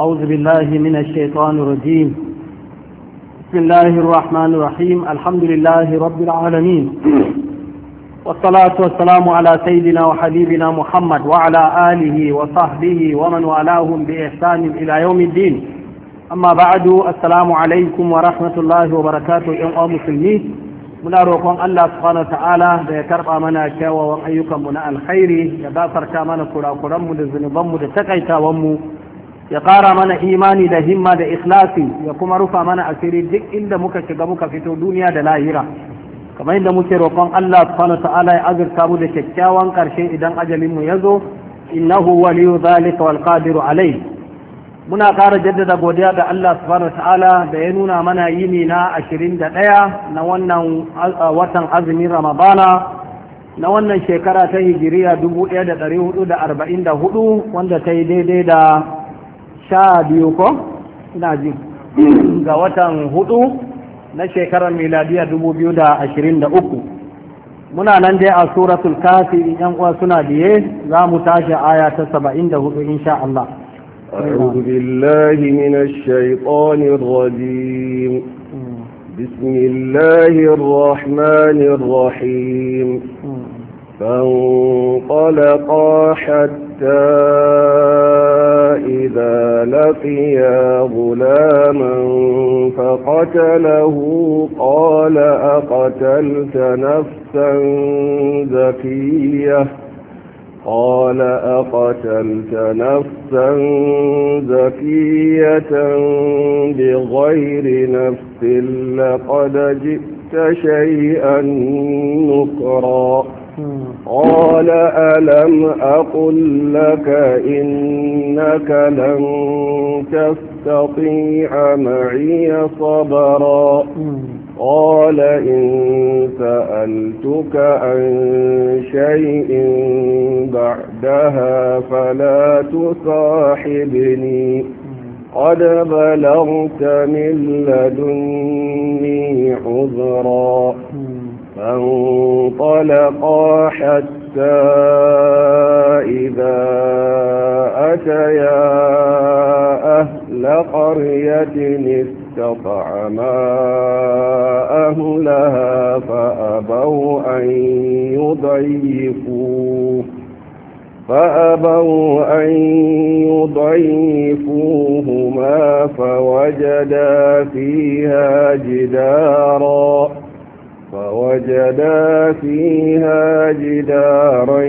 أعوذ بالله من الشيطان الرجيم بسم الله الرحمن الرحيم الحمد لله رب العالمين والصلاة والسلام على سيدنا وحبيبنا محمد وعلى آله وصحبه ومن والاهم بإحسان إلى يوم الدين أما بعد السلام عليكم ورحمة الله وبركاته يا مسلمين من roƙon الله سبحانه وتعالى بيكرب آمنا كاوة mana من الخير na alkhairi ya gafarta من kurakuranmu من zunubanmu ومو ya ƙara mana imani da himma da ikhlasi ya kuma rufa mana asiri duk inda muka shiga muka fito duniya da lahira kamar inda muke roƙon Allah subhanahu ta'ala ya azurta mu da kyakkyawan ƙarshe idan ajalin mu yazo innahu waliyu zalika wal qadiru alayh muna ƙara jaddada godiya da Allah subhanahu ta'ala da ya nuna mana yini na 21 na wannan watan azumin Ramadana na wannan shekara ta hijiriya 1444 wanda ta yi daidai da sha biyu ko ina ji ga watan hudu na shekarar miladiya dubu biyu da ashirin da uku muna nan dai a suratul kafi in yan uwa suna biye za mu tashi aya ta saba'in da hudu insha Allah. أعوذ بالله من الشيطان الرجيم mm. بسم الله الرحمن الرحيم mm. فانطلقا حتى حتى إذا لقيا غلاما فقتله قال أقتلت نفسا زكية قال أقتلت نفسا زكية بغير نفس لقد جئت شيئا نكرا قال ألم أقل لك إنك لن تستطيع معي صبرا قال إن سألتك عن شيء بعدها فلا تصاحبني قد بلغت من لدني عذرا فانطلقا حتى إذا أتيا أهل قرية استطعما أهلها فأبوا أن يضيفوه فأبوا أن يضيفوهما فوجدا فيها جدارا فوجدا فيها جدارا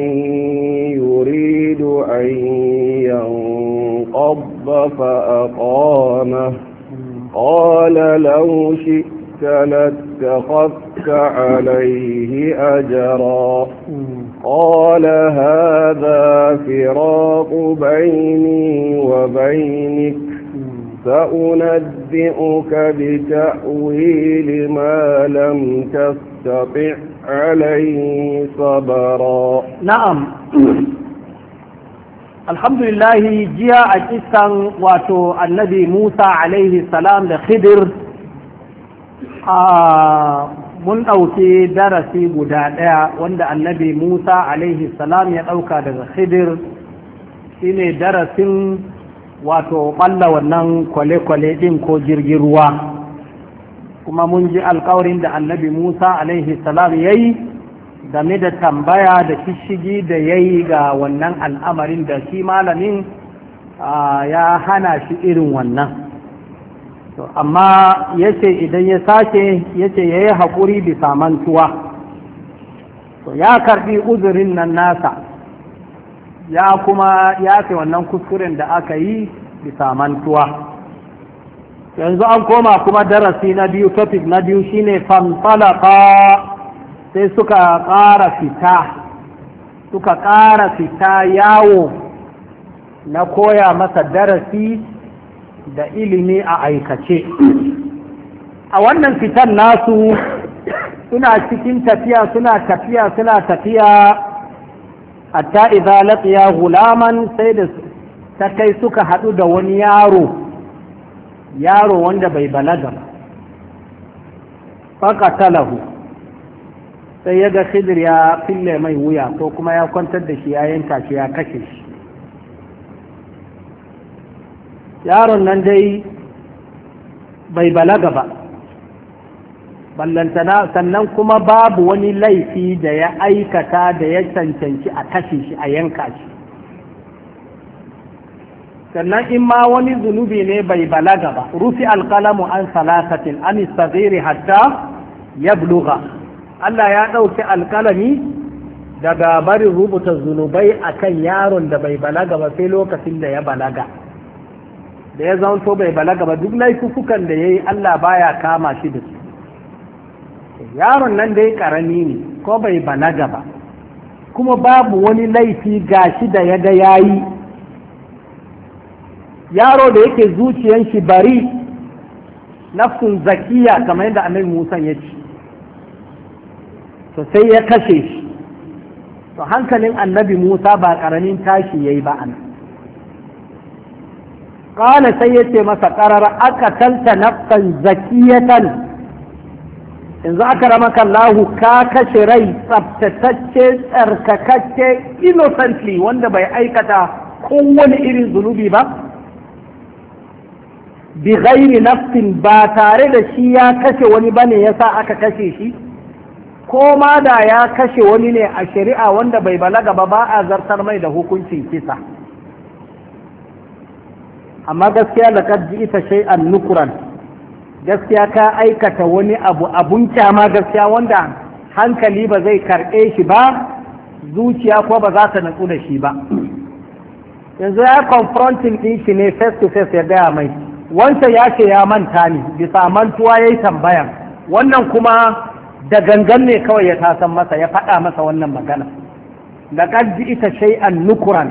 يريد أن ينقض فأقامه قال لو شئت لاتخذت عليه أجرا قال هذا فراق بيني وبينك سأنبئك بتأويل ما لم تستطع عليه صبرا نعم الحمد لله جاء الإسلام واتو النبي موسى عليه السلام لخدر mun ɗauki darasi guda ɗaya wanda annabi musa alaihi salam ya ɗauka daga khidir wato ɓalla wannan kwale-kwale ɗin ko jirgin ruwa kuma mun ji alkawarin da annabi musa alaihi salam ya yi game da tambaya da shishigi da ya yi ga wannan al'amarin da shi malamin ya hana shi irin wannan amma ya ce idan ya sace ya ce ya yi haƙuri bisa mantuwa ya karɓi uzurin nan nasa ya kuma ya fi wannan kuskuren da aka yi bisa mantuwa yanzu an koma kuma darasi na biyu topic na biyu shine fanfalaka sai suka ƙara fita suka ƙara fita yawo na koya masa darasi da ilimi a aikace a wannan fitan nasu suna cikin tafiya suna tafiya suna tafiya hatta idza laqiya gulaman sai da ta kai suka haɗu da wani yaro yaro wanda bai balaga ba faqatalahu sai ya ga khidr ya fille mai wuya ko kuma ya kwantar da shi ya yanka shi ya kashe shi yaron nan dai bai balaga ba ballantana sannan kuma babu wani laifi da ya aikata da ya cancanci a kashe shi a yanka shi sannan in ma wani zunubi ne bai balaga ba rufi alkalamu an salasatin an istaziri hatta ya bluga Allah ya ɗauki alkalami daga barin rubuta zunubai a kan yaron da bai balaga ba sai lokacin da ya balaga da ya zanto bai balaga ba duk laifukan da ya yi Allah baya kama shi da su yaron nan da dai karami ne ko bai balaga ba kuma babu wani laifi ga shi da ya ga yayi yaro da yake zuciyan shi bari nafsun zakiya kamar yadda annabi Musa ya ce to sai ya kashe shi to hankalin annabi Musa ba karamin tashi yayi ba an qala sai yace masa qarara aka nafsan zakiyatan yanzu aka rama kallahu ka kashe rai tsabtatacce tsarkakakke innocently wanda bai aikata kowane irin zunubi ba bi ghairi nafsin ba tare da shi ya kashe wani ba ya yasa aka kashe shi ko ma da ya kashe wani ne a shari'a wanda bai balaga ba ba a zartar mai da hukuncin kisa amma gaskiya laqad ita shay'an nukran gaskiya ka aikata wani abu abun kyama gaskiya wanda hankali ba zai karɓe shi ba zuciya ko ba za ta natsu da shi ba yanzu ya confronting ɗin shi ne face to face ya gaya mai wancan ya ce ya manta ne bisa mantuwa ya yi tambayan wannan kuma da gangan ne kawai ya tasan masa ya faɗa masa wannan magana da ƙarji ita an nukuran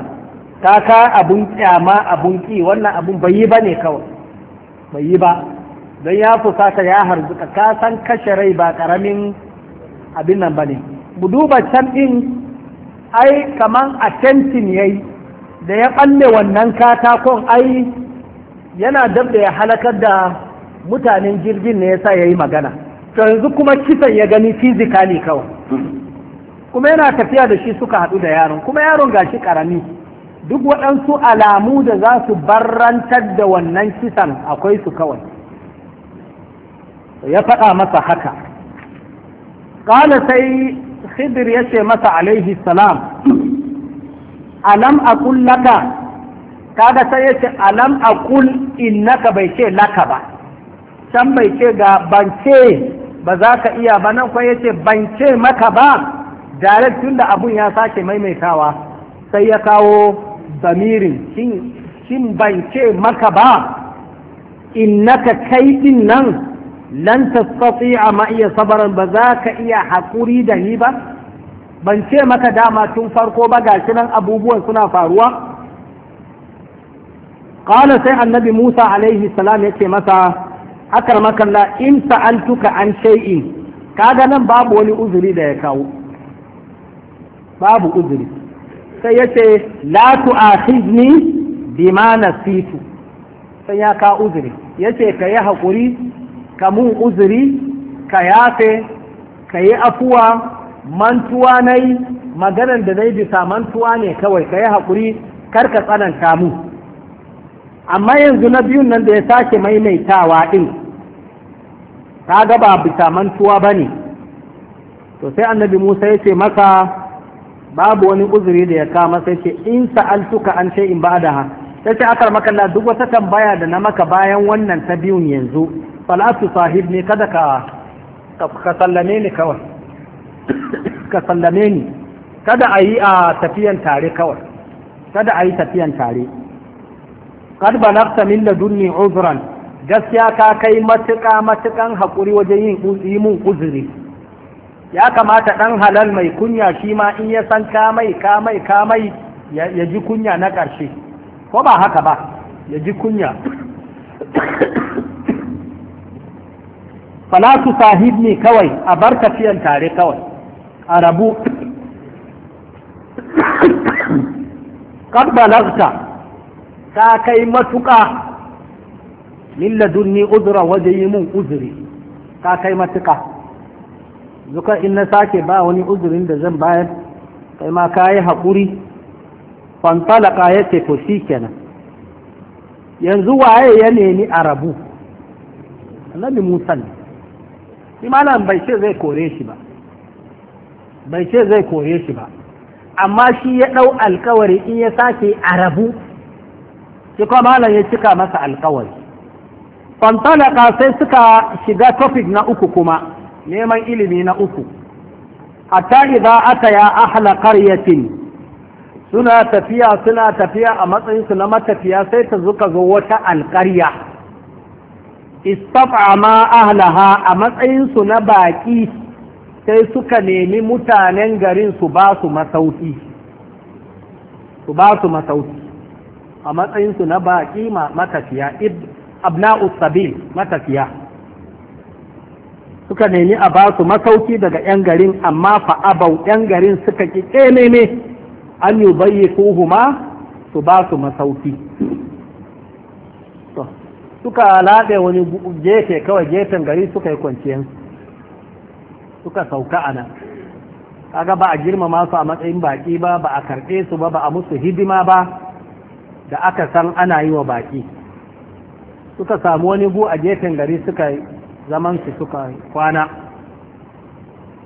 ta ka abun kyama abun ƙi wannan abun bai yi ba ne kawai bai yi ba don ya fusata ya harzuka ka san kashe rai ba karamin abin nan ba ne duba can ɗin ai a tentin ya yi da ya ɓalle wannan katakon ai yana dab da ya halakar da mutanen jirgin ne yasa ya yi magana to yanzu kuma kisan ya gani fizikali kawai kuma yana tafiya da shi suka haɗu da yaron kuma yaron gashi karami duk waɗansu alamu da za su barrantar da wannan kisan akwai su kawai ya faɗa masa haka ƙala sai khidir ya ce masa alaihi salam alam aqul laka kaga sai ya ce alam aqul innaka bai ce laka ba can bai ce ga bance ba za ka iya ba nan kuma ya ce bance maka ba direct tunda abun ya sake maimaitawa sai ya kawo zamirin shin bance maka ba innaka kai din nan lan tastati'a ma iya sabaran ba za ka iya haƙuri da ni ba ban ce maka dama tun farko ba shi nan abubuwan suna faruwa qala sai annabi Musa alaihi salam yace masa akramaka Allah in sa'altuka an shay'in kaga nan babu wani uzuri da ya kawo babu uzuri sai yace la tu'akhidni bima nasitu sai ya kawo uzuri yace ka yi haƙuri ka mun uzuri ka yafe ka yi afuwa mantuwa na yi maganar da zai bisa mantuwa ne kawai ka yi haƙuri kar ka tsananta mu amma yanzu na biyun nan da ya sake maimaitawa ɗin ta gaba bisa mantuwa ba ne to sai annabi musa ya ce maka babu wani uzuri da ya kama sai ce in sa'altuka an in ba da ha sai ce akar maka duk wata tambaya da na maka bayan wannan ta biyun yanzu salatu sahib ne kada ka ka sallame ni kawai ka sallame ni kada a yi a tafiyan tare kawai kada a yi tafiyan tare kad balagta min ladunni uzran gaskiya ka kai matuƙa matuƙan haƙuri wajen yin mun uzuri ya kamata ɗan halal mai kunya shi ma in ya san kamai kamai kamai ya ji kunya na ƙarshe ko ba haka ba ya ji kunya falatu sahib ne kawai a bar tafiyan tare kawai a rabu balagta ta kai matuƙa min ladunni uzura waje yi mun uzuri ta kai matuƙa zuka in na sake ba wani uzurin da zan bayar kai ma ka yi haƙuri fantalaka ya ce to shi kenan yanzu waye ya nemi a rabu annabi musa ne shi malam bai ce zai kore shi ba bai ce zai kore shi ba amma shi ya ɗau alkawari in ya sake a rabu shi kuma malam ya cika masa alkawari fantalaka sai suka shiga topic na uku kuma neman ilimi na uku hatta idan aka ya ahla qaryatin suna tafiya suna tafiya a matsayinsu na matafiya sai ta zuka zo wata alƙarya istaf'ama ahlaha a matsayinsu na baƙi sai suka nemi mutanen garin su ba su masauki su ba su masauki a matsayinsu na baƙi matafiya abna'u sabil matafiya suka nemi a ba su masauki daga 'yan garin amma fa abau 'yan garin suka ƙi ƙememe an yi bayyi su ba su masauki suka labe wani gefe kawai gefen gari suka yi kwanciyar suka sauka a nan kaga ba a girmama su a matsayin baki ba ba a karɓe su ba ba a musu hidima ba da aka san ana yi wa baki suka samu wani gu a gefen gari suka zaman su suka kwana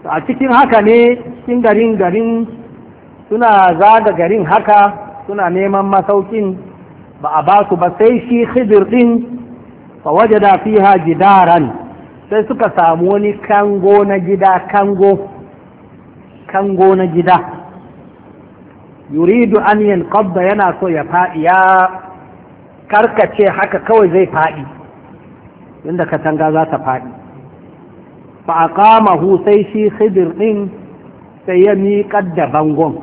a cikin haka ne cikin garin garin suna zaga garin haka suna neman masaukin ba a ba su ba sai shi hidir din waje dafiha jidaran sai suka samu wani kango na gida kango kango na gida yuridu an kwabba yana so ya faɗi ya karkace haka kawai zai faɗi inda katanga za ta faɗi fa kama sai shi khidir ɗin sai ya miƙar da bangon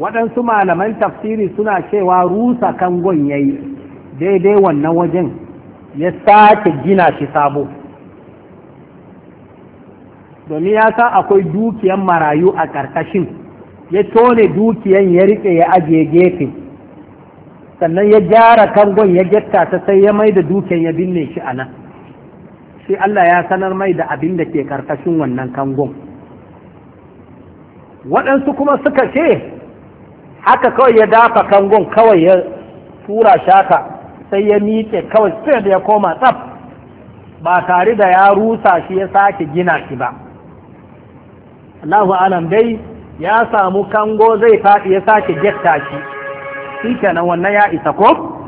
waɗansu malaman tafsiri suna cewa rusa kangon yayi daidai wannan wajen ya sake gina shi sabo domin ya sa akwai dukiyan marayu a ƙarƙashin ya tone dukiyan ya riƙe ya ajiye gefe sannan ya gyara kangon ya getta ta sai ya mai da dukiyan ya binne shi a nan shi Allah ya sanar mai da abin da ke ƙarƙashin wannan kangon waɗansu kuma suka ce haka kawai ya dafa kangon kawai ya tura shaka sai ya miƙe kawai sai da ya koma tsaf ba tare da ya rusa shi ya sake gina shi ba Allahu alam dai ya samu kango zai faɗi ya sake getta shi shi kenan wannan ya isa ko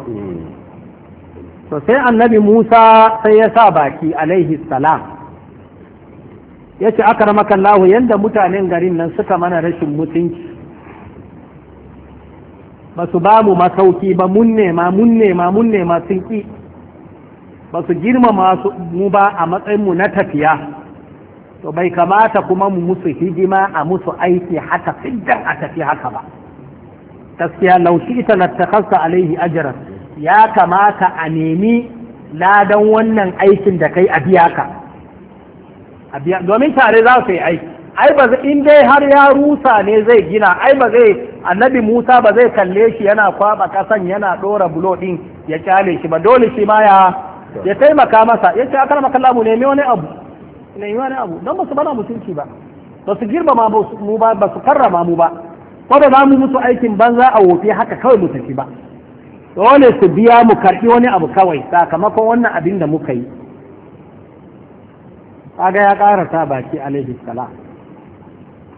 to sai annabi Musa sai ya sa baki alaihi salam ya ce aka ramakan lahu yadda mutanen garin nan suka mana rashin mutunci ba su ba mu masauki ba mun nema mun nema mun nema sun ƙi ba su girmama mu ba a matsayin mu na tafiya to bai kamata kuma mu musu hidima a musu aiki haka siddan a tafi haka ba gaskiya laushi ita na lattakasta alaihi ajiyar ya kamata a nemi ladan wannan aikin da kai a biya ka domin tare za su yi aiki ai ba in dai har ya rusa ne zai gina ai ba zai annabi Musa ba zai kalle shi yana kwaba kasan yana dora bulo din ya kyale shi ba dole shi ma ya ya taimaka masa yace akar makalla mu nemi wani abu nemi wani abu dan ba su bana mutunci ba ba su girmama mu ba ba su karrama mu ba ko da za mu musu aikin banza a wofi haka kawai mu tafi ba dole su biya mu karɓi wani abu kawai sakamakon wannan abin da muka yi kaga ya ƙara baki alaihi salam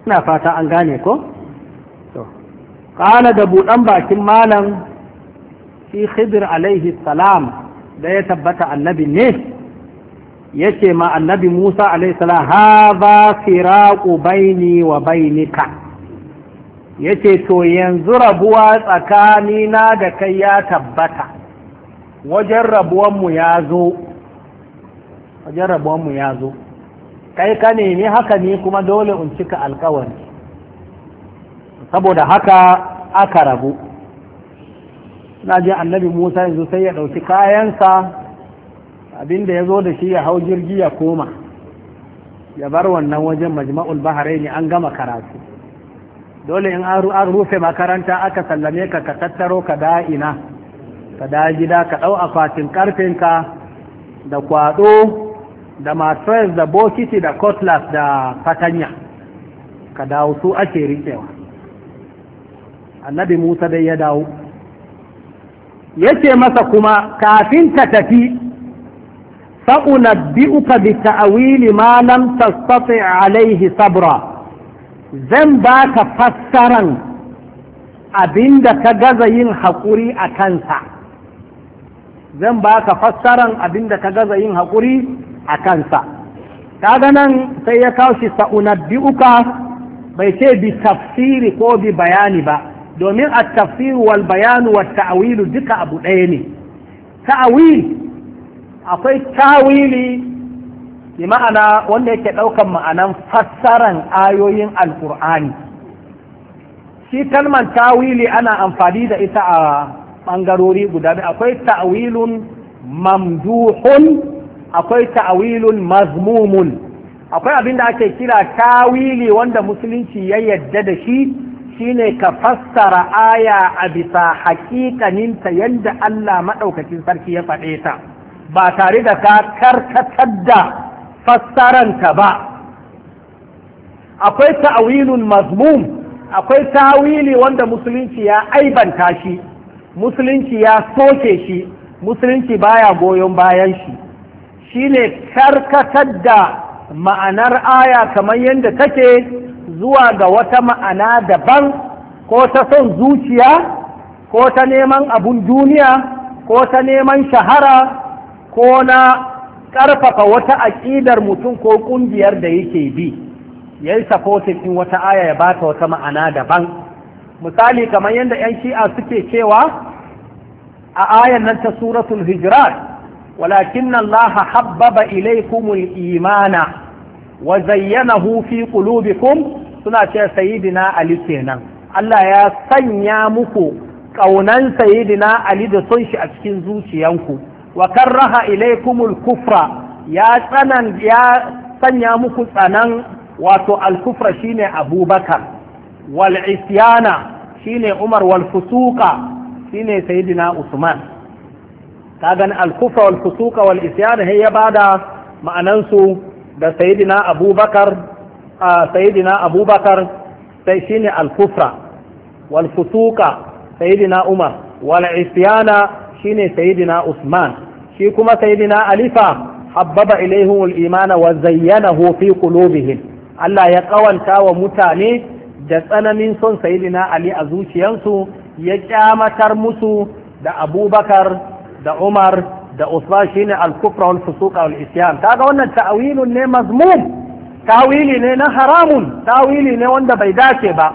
ina fata an gane ko to da buɗan bakin malam shi khidir alaihi salam da ya tabbata annabi ne yace ma annabi Musa alaihi salam ba firaqu baini wa bainika yace to yanzu rabuwa tsakanina da kai ya tabbata wajen rabuwanmu ya zo wajen rabuwanmu ya zo kai ka nemi haka ne kuma dole in cika alkawari saboda haka aka rabu na ji annabi musa yanzu sai ya ɗauki kayansa abinda ya zo da shi ya hau jirgi ya koma ya bar wannan wajen majma'ul baharai ne an gama karatu dole in an rufe makaranta aka sallame ka ka tattaro ka da'ina ka da gida ka ɗau akwatin ƙarfinka da kwaɗo da matres da bokiti da cutlass da fatanya ka dawo su ake rikewa annabi musa dai ya dawo yace masa kuma kafin ka tafi sa'unabbi'uka bi ta'wili ma lam tastati alaihi sabra zan ba ka fassaran abinda ka gaza yin haƙuri a kansa zan ba ka fassaran abinda ka gaza yin haƙuri a kansa kaga nan sai ya kawo shi sa'unabbi'uka bai ce bi tafsiri ko bi bayani ba domin a tafsiri wal bayanu wa ta'wilu duka abu ɗaya ne ta'wil akwai tawili bi ma'ana wanda yake ɗaukan ma'anan fassaran ayoyin alkur'ani shi kalmar tawili ana amfani da ita a ɓangarori guda akwai ta'awilun mamduhun akwai ta'awilun mazmumun akwai abin da ake kira tawili wanda musulunci ya yadda da shi shine ka fassara aya a bisa ta yadda Allah maɗaukacin sarki ya faɗe ta ba tare da ka karkatar da fassaranta ba akwai ta'awilun mazmum akwai tawili wanda musulunci ya aibanta shi musulunci ya soke shi musulunci baya goyon bayan shi shine karkatar da ma'anar aya kamar yadda take zuwa ga wata ma'ana daban ko ta son zuciya ko ta neman abun duniya ko ta neman shahara ko na ƙarfafa wata aƙidar mutum ko ƙungiyar da yake bi ya yi in wata aya ya bata wata ma'ana daban misali kamar yadda 'yan shi'a suke cewa a ayan nan ta suratul hijrat walakin Allah habbaba ilaikumul imana wa Hufi kulubi qulubikum suna ce sayyidina Ali kenan Allah ya sanya muku kaunan sayyidina Ali da sun shi a cikin zuciyanku wa karraha ilaikumul kufra ya tsanan ya sanya muku tsanan wato al-kufra shine Abubakar wal isyana shine Umar wal fusuqa shine sayyidina Usman Ka gani kufa wal fusuqa wal isyan ya bada ma'anansu da sayidina abubakar Sayidina abubakar sai shine al wal fusuqa umar wal shi ne sayidina usman shi kuma sayidina alifa habbaba ilaihun, al-imana wa zayyanahu fi qulubihim Allah ya kawanta wa mutane da tsananin son sayidina ali a zuciyarsu ya kyamatar musu da abubakar da Umar da Usman shine al-kufra wal fusuq wal isyan kaga wannan ta'wilun ne mazmum tawili ne na haramun tawili ne wanda bai dace ba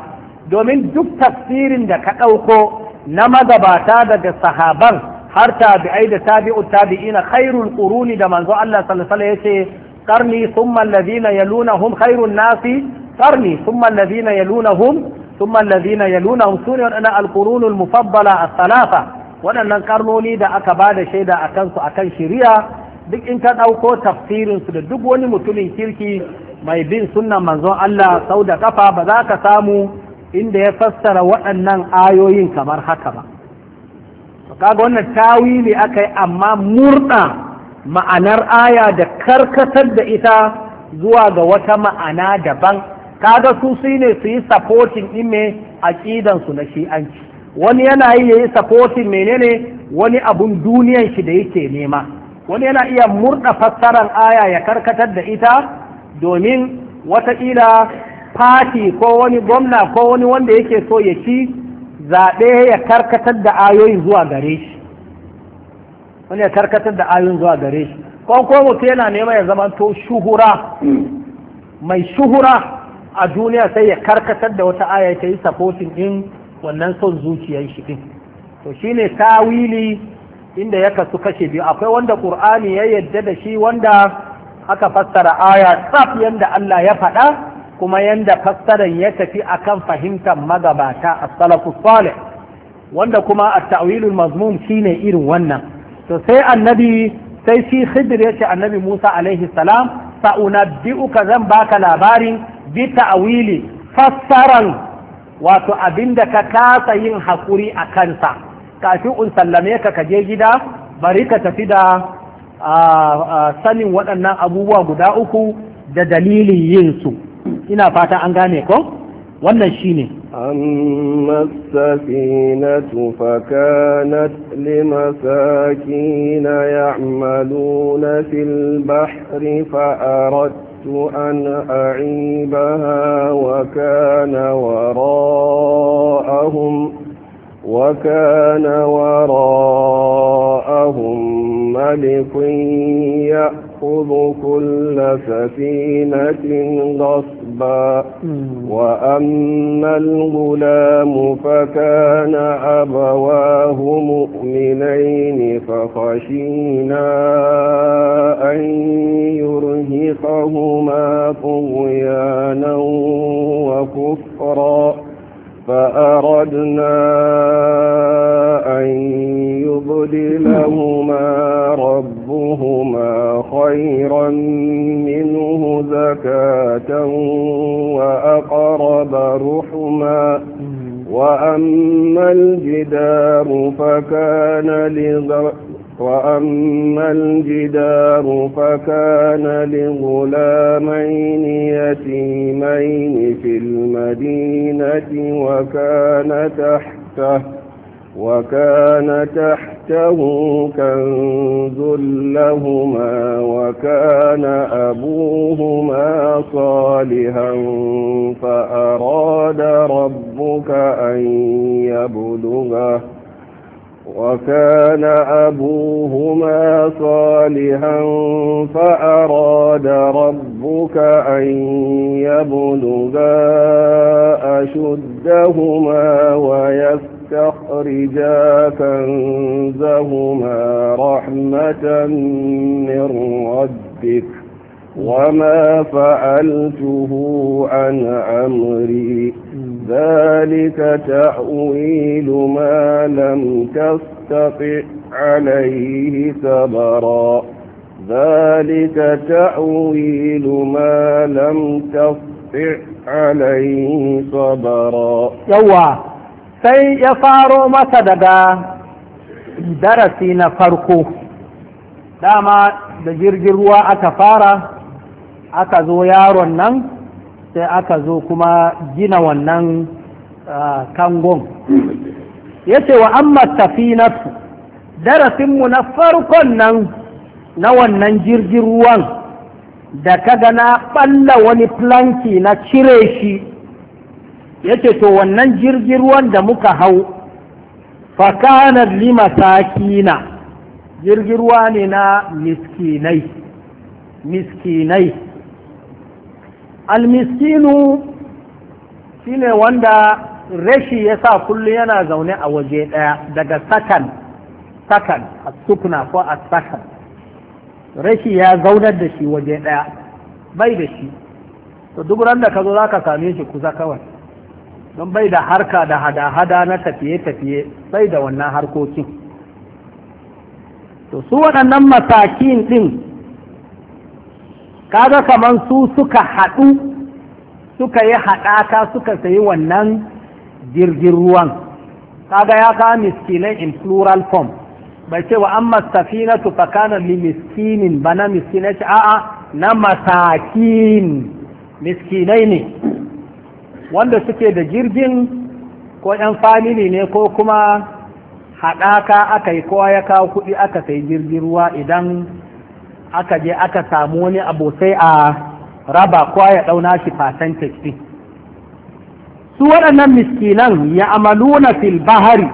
domin duk tafsirin da ka ɗauko na magabata daga sahaban har tabi'ai da tabi'u tabi'ina khairul quruni da manzo Allah sallallahu alaihi wasallam yace qarni thumma alladhina yalunahum khairun nasi qarni thumma alladhina yalunahum ثم الذين يلونهم سنة القرون المفضلة الثلاثة waɗannan ƙarnoni da aka ba da shaida a kansu a kan shirya duk in ka ɗauko tafsirinsu da duk wani mutumin kirki mai bin sunnan manzon Allah sau da ƙafa ba za ka samu inda ya fassara waɗannan ayoyin kamar haka ba kaga wannan tawili aka yi amma murɗa ma'anar aya da karkatar da ita zuwa ga wata ma'ana daban kaga su su ne su yi supporting ime a aƙidansu na shi'anci wani yana yi yayi supporting menene wani abun duniyan shi da yake nema wani yana iya murda fassarar aya ya karkatar da ita domin wataƙila fati ko wani gwamna ko wani wanda yake so ya ci zaɓe ya karkatar da ayoyin zuwa gare shi wani ya karkatar da ayoyin zuwa gare shi ko ko mutum yana nema ya zama to shuhura mai shuhura a duniya sai ya karkatar da wata aya ta yi sapotin din wannan son zuciyar shi din to shine tawili inda ya kasu kashe biyu akwai wanda ƙur'ani ya yadda da shi wanda aka fassara aya tsaf yanda Allah ya faɗa kuma yanda fassaran ya tafi akan fahimtar magabata as salafu salih wanda kuma at-ta'wilul mazmum shine irin wannan to sai annabi sai shi ya ce annabi Musa alaihi salam sa'unabbi'uka zan baka labarin bi ta'wili fassaran wato abinda ka kasa yin haƙuri a kansa kafin in sallame ka ka je gida bari ka tafi da sanin waɗannan abubuwa guda uku da dalilin yin su ina fata an gane ko wannan shine ne فكانت لمساكين يعملون في البحر فأردت أن أعيبها وكان وراءهم وكان وراءهم ملك يأخذ كل سفينة غصبا حبا وأما الغلام فكان أبواه مؤمنين فخشينا أن يرهقهما طغيانا وكفرا فأردنا أن يبدلهما ربهما خيرا منه زكاة وأقرب رحما وأما الجدار فكان لغير وأما الجدار فكان لغلامين يتيمين في المدينة وكان تحته وكان تحته كنز لهما وكان أبوهما صالحا فأراد ربك أن يبلغه وكان أبوهما صالحا فأراد ربك أن يبلغا أشدهما ويستخرجا كنزهما رحمة من ربك وما فعلته عن أمري ذلك تأويل ما لم تستطع عليه صبرا ذلك تأويل ما لم تستطع عليه صبرا يوا sai ya faro masa daga darasi na farko dama da jirgin ruwa aka fara aka zo yaron nan sai aka zo kuma gina wannan kangon ya ce wa amma su. darasinmu na farkon nan na wannan jirgin ruwan da kaga na ɓalla wani planki na cire shi ya ce to wannan jirgin ruwan da muka hau fakanar lima sakina jirgin ruwa ne na miskinai miskinai almiskinu shine wanda rashi ya sa kullum yana zaune a waje ɗaya daga sakan sakan a sukuna ko a sakan rashi ya zaunar da shi waje ɗaya bai da shi to duk ran da ka zo za ka same shi kusa kawai don bai da harka da hada-hada na tafiye-tafiye bai da wannan harkokin to su waɗannan masakin ɗin kaga kaman su suka haɗu suka yi haɗaka suka sayi wannan jirgin ruwan kaga ya ka miskinai in plural form bai ce wa an safinatu tu fakana li miskinin ba na miskinai a'a na masakin miskinai ne wanda suke da jirgin ko yan famili ne ko kuma haɗaka aka yi kowa ya kawo kuɗi aka sayi jirgin ruwa idan aka je aka samu wani abu sai a raba kowa ya ɗauna shi percentage ɗin su waɗannan miskinan ya amalu fil bahari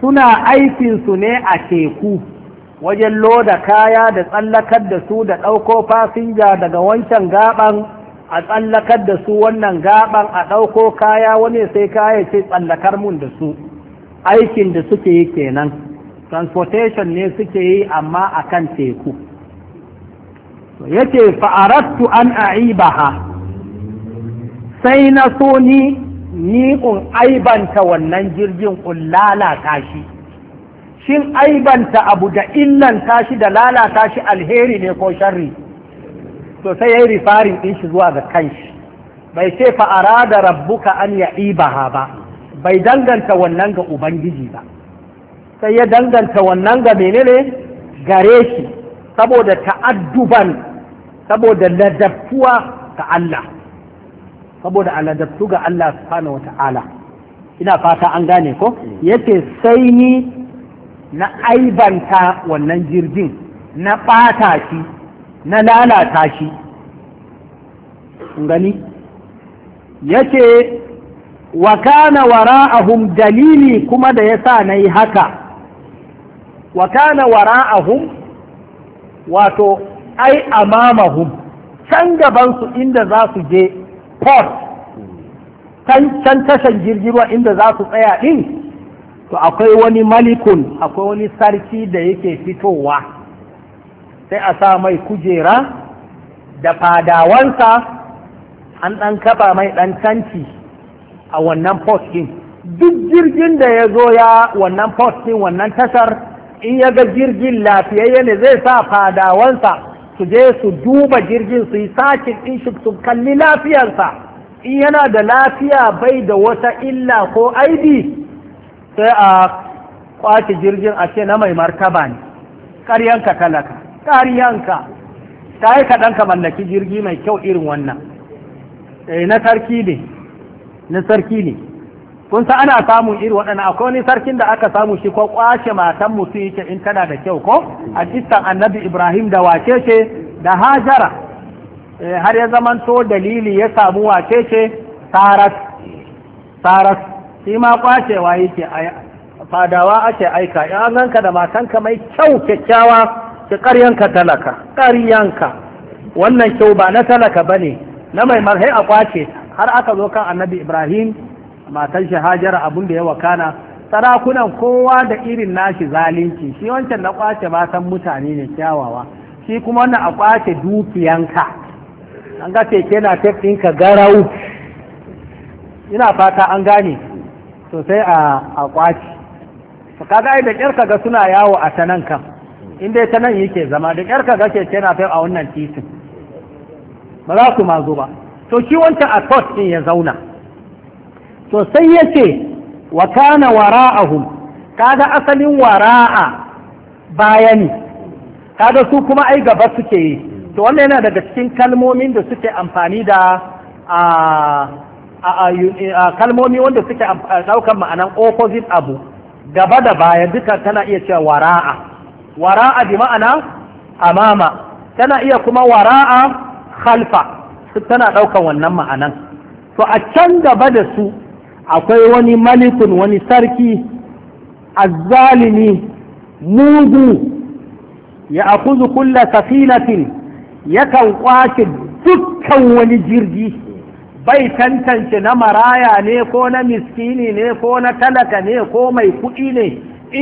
suna aikinsu ne a teku wajen loda kaya da tsallakar da su da ɗauko fasinja daga wancan gaban a tsallakar da su wannan gaban a ɗauko kaya wani sai kaya ce tsallakar mun da su aikin da suke yi kenan transportation ne suke yi amma a kan teku yace fa'arattu an a'ibaha sai na so ni ni kun aibanta wannan jirgin kun lalata shi shin aibanta abu da illan tashi da lalata shi alheri ne ko sharri to sai yayi rifarin din shi zuwa ga kanshi bai ce fa'ara da rabbuka an ya'ibaha ba bai danganta wannan ga ubangiji ba sai ya danganta wannan ga menene gare shi saboda ta'adduban saboda ladabtuwa ga Allah saboda a ladabtu ga Allah subhanahu wata'ala ina fata an gane ko yace sai ni na aibanta wannan jirgin na ɓata shi na lalata shi gani yace wa kana wara'ahum dalili kuma da yasa nayi haka wa kana wara'ahum wato ai amamahum can gabansu inda za su je port can tashan jirgin ruwa inda za su tsaya ɗin to akwai wani malikun akwai wani sarki da yake fitowa sai a sa mai kujera da fadawansa an ɗan kafa mai ɗan tanti a wannan port ɗin duk jirgin da ya zo ya wannan port ɗin wannan tashar in ya ga jirgin lafiyayye ne zai sa fadawansa su je su duba jirgin su yi sakin ɗin shi su kalli lafiyarsa in yana da lafiya bai da wata illa ko aibi sai a kwace jirgin a ce na mai martaba ne ƙaryanka talaka ƙaryanka ta yi kaɗan ka mallaki jirgi mai kyau irin wannan eh, na sarki ne na sarki ne kun san ana samun iri waɗannan akwai wani sarkin da aka samu shi ko kwashe matan mutum yake in tana da kyau ko a kistan annabi ibrahim da wace ce da hajara eh, har ya zaman to dalili ya samu wace ce saras saras shi ma kwashewa yake fadawa ake aika ya zanka da matanka mai kyau kyakkyawa ki karyanka talaka karyanka wannan kyau ba na talaka bane na mai marhai a kwace har aka zo kan annabi ibrahim matan shi hajara abin da ya wakana sarakunan kowa da irin nashi zalunci shi wancan na kwace matan mutane ne kyawawa shi kuma wannan a kwace dukiyanka an ga keke na tef ɗinka garau ina fata an gane sosai a kwace kaga yi da kyar ga suna yawo a ta nan kan in dai ta nan yake zama da kyar ga keke na tef a wannan titin ba za su ma zo ba to shi wancan a tot ɗin ya zauna to sai ya ce wa kana wara'ahum kaga asalin wara'a bayani kaga su kuma ai gaba suke yi to wannan yana daga cikin kalmomin da suke amfani da a kalmomi wanda suke daukan ma'anan opposite abu gaba da baya duka tana iya cewa wara'a wara'a bi ma'ana amama tana iya kuma wara'a khalfa tana daukan wannan ma'anan to a can gaba da su akwai wani malikun wani sarki azzalimi mugu ya akuzu kulla safinatin yakan kwace dukkan wani jirgi bai tantance na maraya ne ko na miskini ne ko na talaka ne ko mai kuɗi ne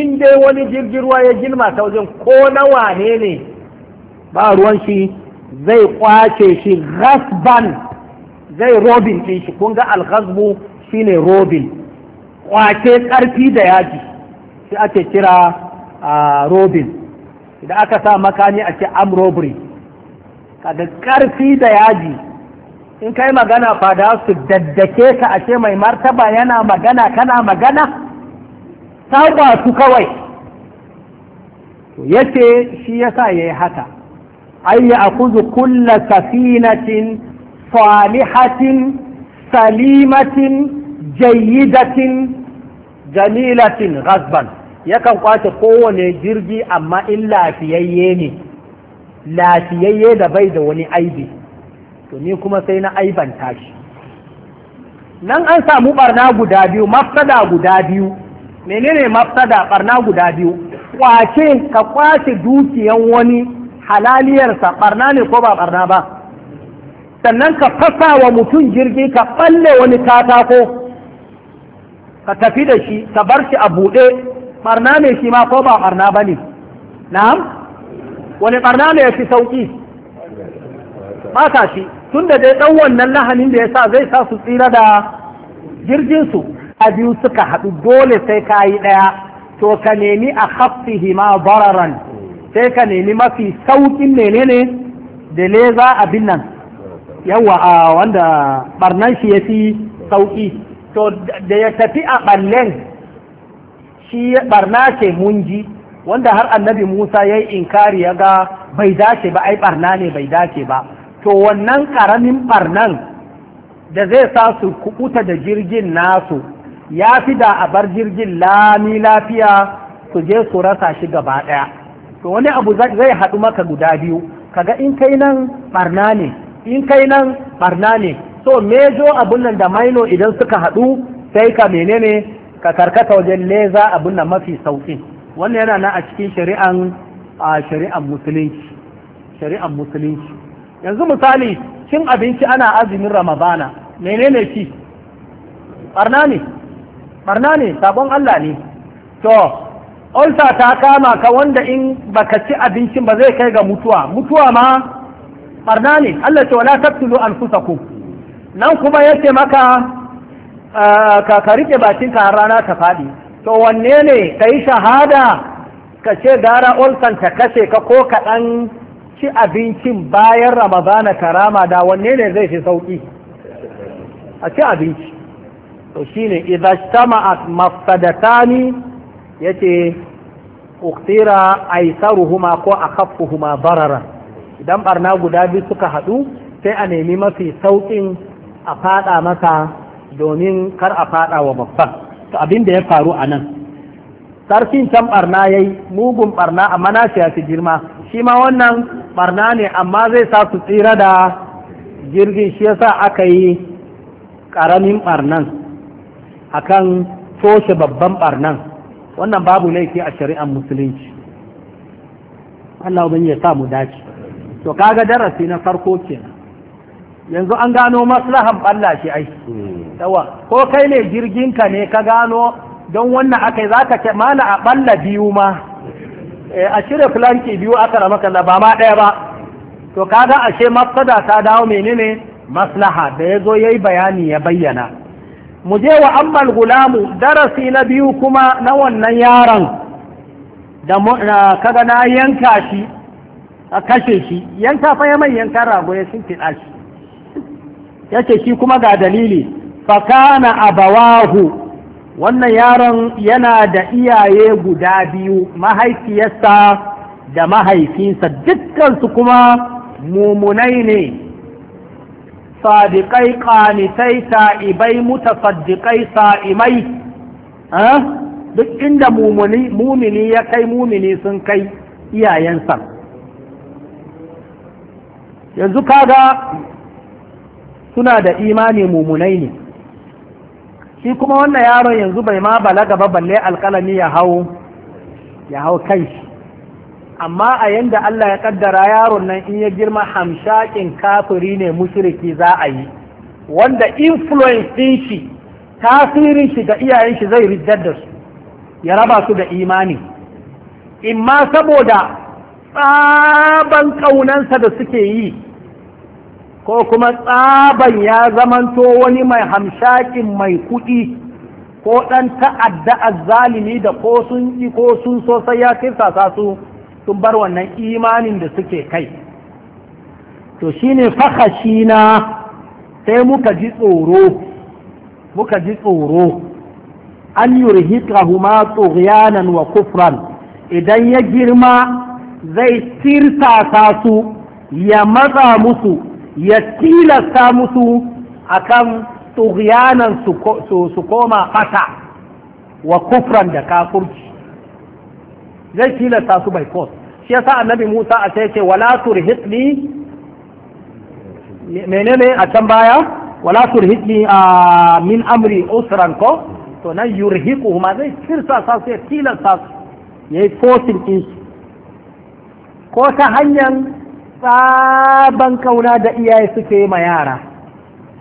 in dai wani jirgin ruwa ya girma ta wajen ko na wane ne ba ruwan shi zai kwace shi gasban zai robin ɗin shi kun ga alhazbu ne robin kwace karfi da yaji shi ake kira robin idan aka sa makani a ce am robbery kaga ƙarfi da yaji in kai magana fada su daddake ka a ce mai martaba yana magana kana magana ta su kawai yace shi yasa yayi haka ay akuzu kulla safinatin salihatin salimatin jayyidatin jamilatin rasban yakan kwace kowane jirgi amma in lafiyayye ne lafiyayye da bai da wani aibi to ni kuma sai na aiban tashi nan an samu barna guda biyu mafsada guda biyu menene mafsada barna guda biyu kwace ka kwace dukiyan wani halaliyarsa barna ne ko ba barna ba sannan ka fasa wa mutum jirgi ka balle wani katako ka tafi da shi ka bar shi a buɗe barna ne shi ma ko ba barna ba ne na'am wani barna ne ya fi sauƙi ba shi tun da dai ɗan wannan lahanin da ya sa zai sa su tsira da jirginsu a biyu suka haɗu dole sai ka yi ɗaya to ka nemi a hafsihi ma bararan sai ka nemi mafi sauƙin menene da leza abin nan yawa a wanda ɓarnan shi ya fi sauƙi to da ya tafi a ɓallen shi ɓarna ce mun wanda har annabi Musa ya yi inkari ya ga bai dace ba ai ɓarna ne bai dace ba to wannan ƙaramin ɓarnan da zai sa su kuɓuta da jirgin nasu ya fi da a bar jirgin lami lafiya su je su rasa shi gaba ɗaya to wani abu zai haɗu maka guda biyu kaga in kai nan ɓarna ne in kai nan ɓarna ne so mejo abun nan da maino idan suka haɗu sai ka menene ka karkata wajen leza abun nan mafi sauƙi wannan yana na a cikin shari'an a shari'an musulunci shari'an musulunci yanzu misali cin abinci ana azumin ramadana menene shi barna ne barna ne sabon Allah ne to ulsa ta kama ka wanda in baka ci abincin ba zai kai ga mutuwa mutuwa ma barna ne Allah ce wala taqtulu anfusakum nan kuma yace maka ah, ka ka rike bakin ka rana ta faɗi to wanne ne ka shahada ka ce gara olsan ta kashe ka ko kaɗan ci abincin bayan ramadana karama da wanne ne zai fi sauƙi a ci abinci to shine idza shtama'a mafsadatani yace uktira aisaruhuma ko akaffuhuma barara? idan barna guda biyu suka haɗu sai a nemi mafi sauƙin a fada maka domin kar a fada wa babban to abin da ya faru a nan sarfin can barna yayi mugun barna amma na ya fi girma shi ma wannan barna ne amma zai sa su tsira da jirgin shi yasa aka yi karamin barnan akan toshe babban barnan wannan babu laifi a shari'ar musulunci Allah ya sa mu dace to kaga darasi na farko kenan yanzu an gano maslahan ɓalla shi ai hmm. yawa ko kai ne jirgin ka ne ka gano don wannan akai za ka ce mana a ɓalla biyu ma eh, a shirya filanki biyu aka rama kalla ba ma ɗaya ba to kaga ashe mafsada ta dawo menene maslaha da ya zo ya yi bayani ya bayyana mu je wa ammal gulamu darasi na biyu kuma na wannan yaron da kaga na yanka shi a kashe shi yanka fa ya mai yankan rago ya shi yace shi kuma ga dalili fakana abawahu wannan yaron yana da iyaye guda biyu mahaifiyarsa da mahaifinsa dukkansu kuma mumunai ne sadiƙai ƙanitai sa'ibai mutasaddiƙai sa'imai ah? duk inda mumini ya kai mumini sun kai iyayensa yanzu kaga suna da imani mumunai ne shi kuma wannan yaron yanzu bai ma balaga ba balle alkalami ya hau ya hau kanshi amma a yanda Allah ya kaddara yaron nan in ya girma hamshakin kafiri ne mushriki za a yi wanda influence din shi tasirin shi ga iyayen shi zai riddar da su ya raba su da imani imma saboda tsaban ƙaunansa da suke yi ko kuma tsaban ya zamanto wani mai hamshakin mai kuɗi ko ɗan ta'adda azzalimi da ko sun ƙi ko sun so sai ya kirsasa su sun bar wannan imanin da suke kai to shine na sai muka ji tsoro muka ji tsoro an ma tsoriyanan wa kufran idan ya girma zai tirsasa su ya matsa musu ya tilasta musu akan tughyanan su koma fata wa kufran da kafurci zai tilasta su bai kos shi yasa annabi Musa a sai ce wala turhitni menene a can baya wala turhitni a min amri usran ko to nan yurhiquhum zai tilasta sa ya tilasta su yi forcing din ko ta hanyar tsaban kauna da iyaye suke ma yara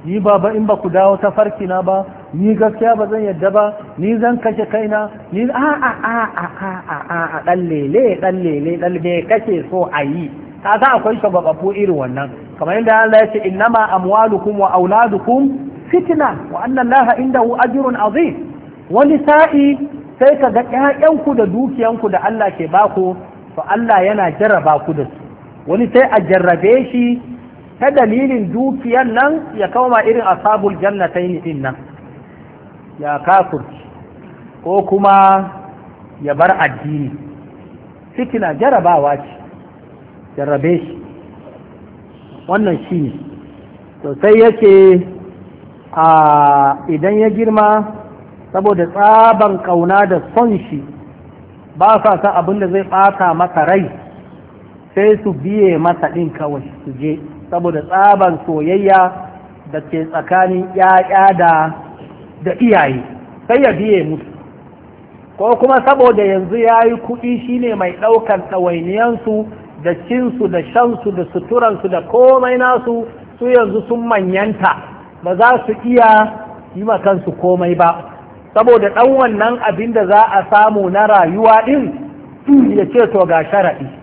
ni baba in ba ku dawo ta farki na ba ni gaskiya ba zan yadda ba ni zan kashe kaina ni a a a a a a a a dan lele dan lele dan lele kake so a yi za akwai shagababu irin wannan kamar yadda Allah ya ce innama amwalukum wa auladukum fitna wa anna Allah indahu ajrun azim wani sa'i sai ka ga ƴaƴanku da dukiyanku da Allah ke baku to Allah yana jarraba ku da su wani sai a jarrabe shi ta dalilin dukiyan nan ya kama irin asabul jannatain din nan ya kafurci ko kuma ya bar addini fitina jarabawa ce jarrabe shi wannan shi ne sosai yake a idan ya girma saboda tsaban kauna da son shi ba sa sa abin da zai ɓata maka rai sai su biye masa ɗin kawai su je saboda tsaban soyayya da ke tsakanin ‘ya'ya da iyaye sai ya biye musu ko kuma saboda yanzu ya yi kuɗi shine mai ɗaukar ɗawainiyansu da cinsu da shansu da suturansu da komai nasu su yanzu sun manyanta ba za su iya yi kansu komai ba saboda ɗan wannan abin da za a samu na rayuwa ɗin ya ce to ga sharaɗi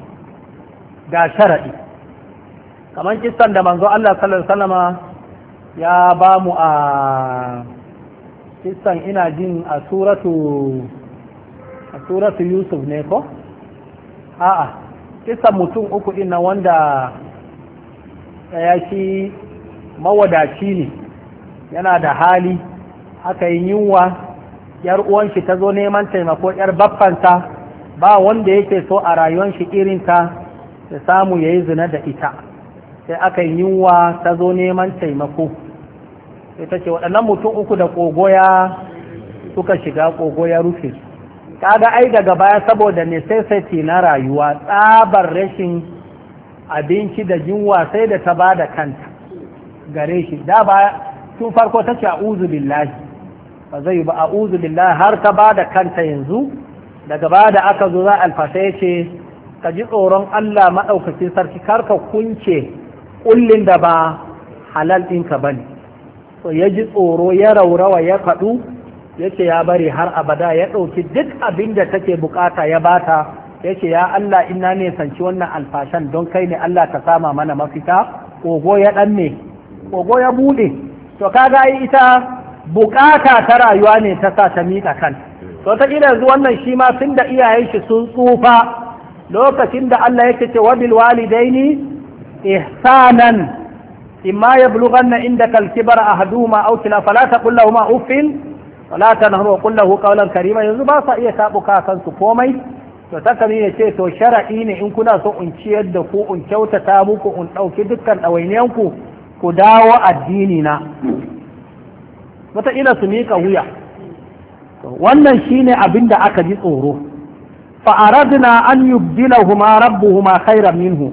ga sharaɗi kamar kistan da manzo Allah sallallahu alaihi ya ba mu a kistan ina jin a suratu a suratu Yusuf ne ko a'a kistan mutum uku din na wanda ya shi mawadaci ne yana da hali aka yi yunwa yar uwanshi ta zo neman taimako yar baffanta ba wanda yake so a rayuwan shi ta. Sai samu ya yi zina da ita sai aka yi yunwa ta zo neman taimako sai ta ce waɗannan mutum uku da kogoya suka shiga kogoya rufe kaga ai daga baya saboda necessity na rayuwa tsabar rashin abinci da yunwa sai da ta ba da kanta gare shi da ba tun farko ta ce a'udhu billahi ba zai ba a'udhu billahi har ta ba da kanta yanzu daga baya da aka zo za alfasa ce ka ji tsoron Allah maɗaukakin sarki kar ka kunce ƙullin da ba halal ɗinka ba ne So ya ji tsoro ya raurawa ya faɗu ya ce ya bari har abada ya ɗauki duk abin da take bukata ya bata ya ce ya Allah ina ne sanci wannan alfashan don kai ne Allah ka sama mana mafita kogo ya ɗan ne kogo ya buɗe to kaga ita bukata ta rayuwa ne ta sa ta miƙa kan So ta ƙila yanzu wannan shi ma tun da iyayen shi sun tsufa lokacin da Allah yake ce wabil walidaini ihsanan imma yablughanna indaka al-kibara ahaduhuma aw kila fala taqul lahumā uffin wala tanhar wa qul lahu qawlan karima yanzu ba sa iya sabuka kansu komai to takami ne ce to shar'i ne in kuna so in ciyar da ku in kyautata muku in dauki dukkan dawainiyan ku ku dawo addini na wata ila su mika wuya wannan shine abin da aka ji tsoro fa'aradna an yubdilahuma rabbuhuma khairan minhu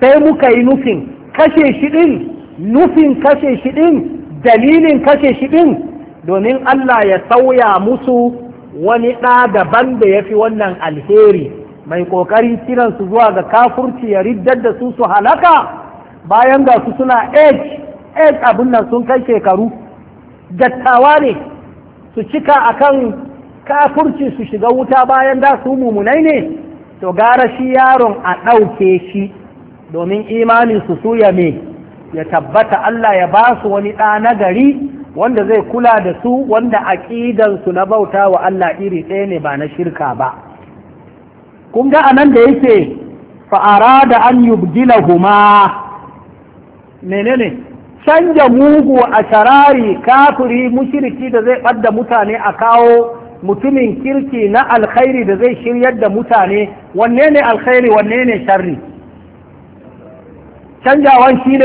sai muka yi nufin kashe shi din nufin kashe shi din dalilin kashe shi din domin Allah ya sauya musu wani ɗa daban da ya fi wannan alheri mai ƙoƙarin kiransu zuwa ga kafurci ya riddar da su su halaka bayan ga su suna age age abin nan sun kai shekaru dattawa ne su cika akan kafurci su shiga wuta bayan da su mumunai ne to gara shi yaron a ɗauke shi domin imanin su suya ya ya tabbata Allah ya ba su wani ɗa na gari wanda zai kula da su wanda aƙidansu na bauta wa Allah iri ɗaya ne ba na shirka ba kun ga anan da yake fa'ara da an gina huma menene canja mugu a sharari kafiri mushiriki da zai ɓadda mutane a kawo mutumin kirki na alkhairi da zai shiryar da mutane wanne ne alkhairi wanne ne sharri canjawan shi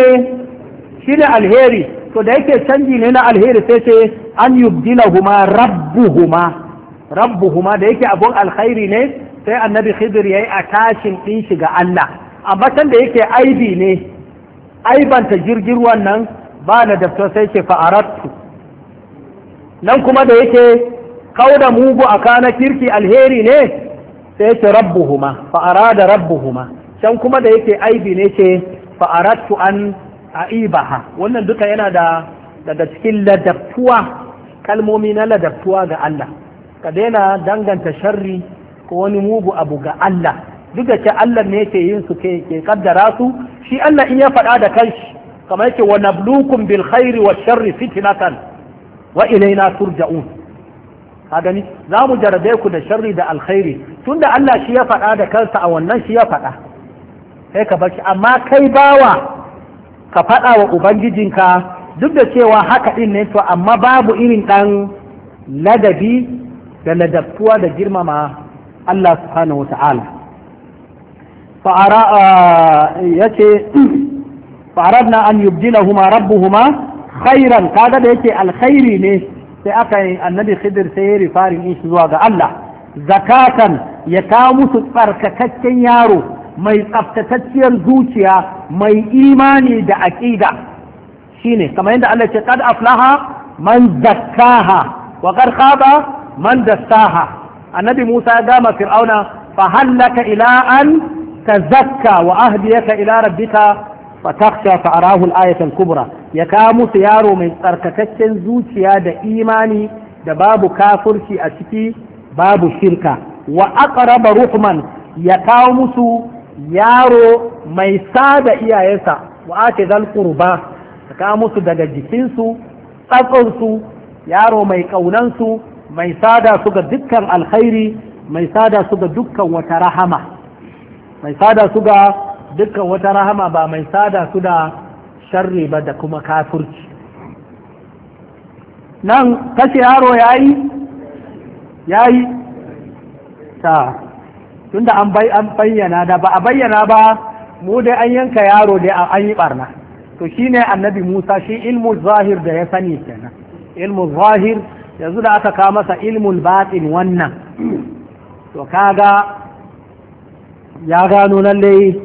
ne alheri to da yake canji ne na alheri sai ce an huma. rabbuhuma rabbuhuma da yake abun alkhairi ne sai annabi khidir yayi a tashin din shi ga Allah amma can da yake aibi ne aibanta jirgin wannan ba na daftar sai ce fa'arattu nan kuma da yake kauda mugu a kana kirki alheri ne sai ce rabbuhuma fa arada rabbuhuma can kuma da yake aibi ne ce fa aradtu an aibaha wannan duka yana da daga cikin ladabtuwa kalmomi na ladabtuwa ga Allah ka daina danganta sharri ko wani mugu abu ga Allah duk da ce Allah ne ke yin su ke kaddara su shi Allah in ya faɗa da kanshi kamar yake wa nablukum bil khairi wa sharri fitnatan wa ilaina turja'un ka gani za mu jarabe ku da sharri da alkhairi tunda Allah shi ya faɗa da kansa a wannan shi ya faɗa sai ka bar amma kai bawa ka faɗa wa ubangijinka duk da cewa haka ɗin ne to amma babu irin ɗan ladabi da ladabtuwa da girmama Allah subhanahu wata'ala ya ce fa'arar na an yubdila huma rabbu huma khairan kaga da yake alkhairi ne sai aka yi annabi khidir sai ya rifarin in shi zuwa ga Allah zakatan ya kawo musu tsarkakakken yaro mai tsaftatacciyar zuciya mai imani da Shi shine kamar yadda Allah ce qad aflaha man zakkaha wa qad khaba man dassaha annabi Musa ya gama fir'auna fa hallaka ila an tazakka wa ahdiyaka ila rabbika fatakhsha fa arahu al-ayata al-kubra ya kawo musu yaro mai tsarkakakken zuciya da imani da babu kafurci a ciki babu shirka wa aqraba ruhman ya kawo musu yaro mai sada iyayensa wa ake zal qurba ya kawo musu daga jikinsu tsatsonsu yaro mai ƙaunansu mai sada su ga dukkan alkhairi mai sada su ga dukkan wata rahama mai sada su ga dukkan wata rahama ba mai sada su da sharri ba da kuma kafirci nan kashe yaro ya yi ya yi ta tunda an bayyana da ba a bayyana ba mu dai an yanka yaro dai an yi barna to shi ne annabi musa shi ilmu zahir da ya sani kenan ilmu zahir yanzu da aka kawo masa ilmul batin wannan to kaga ya gano lallai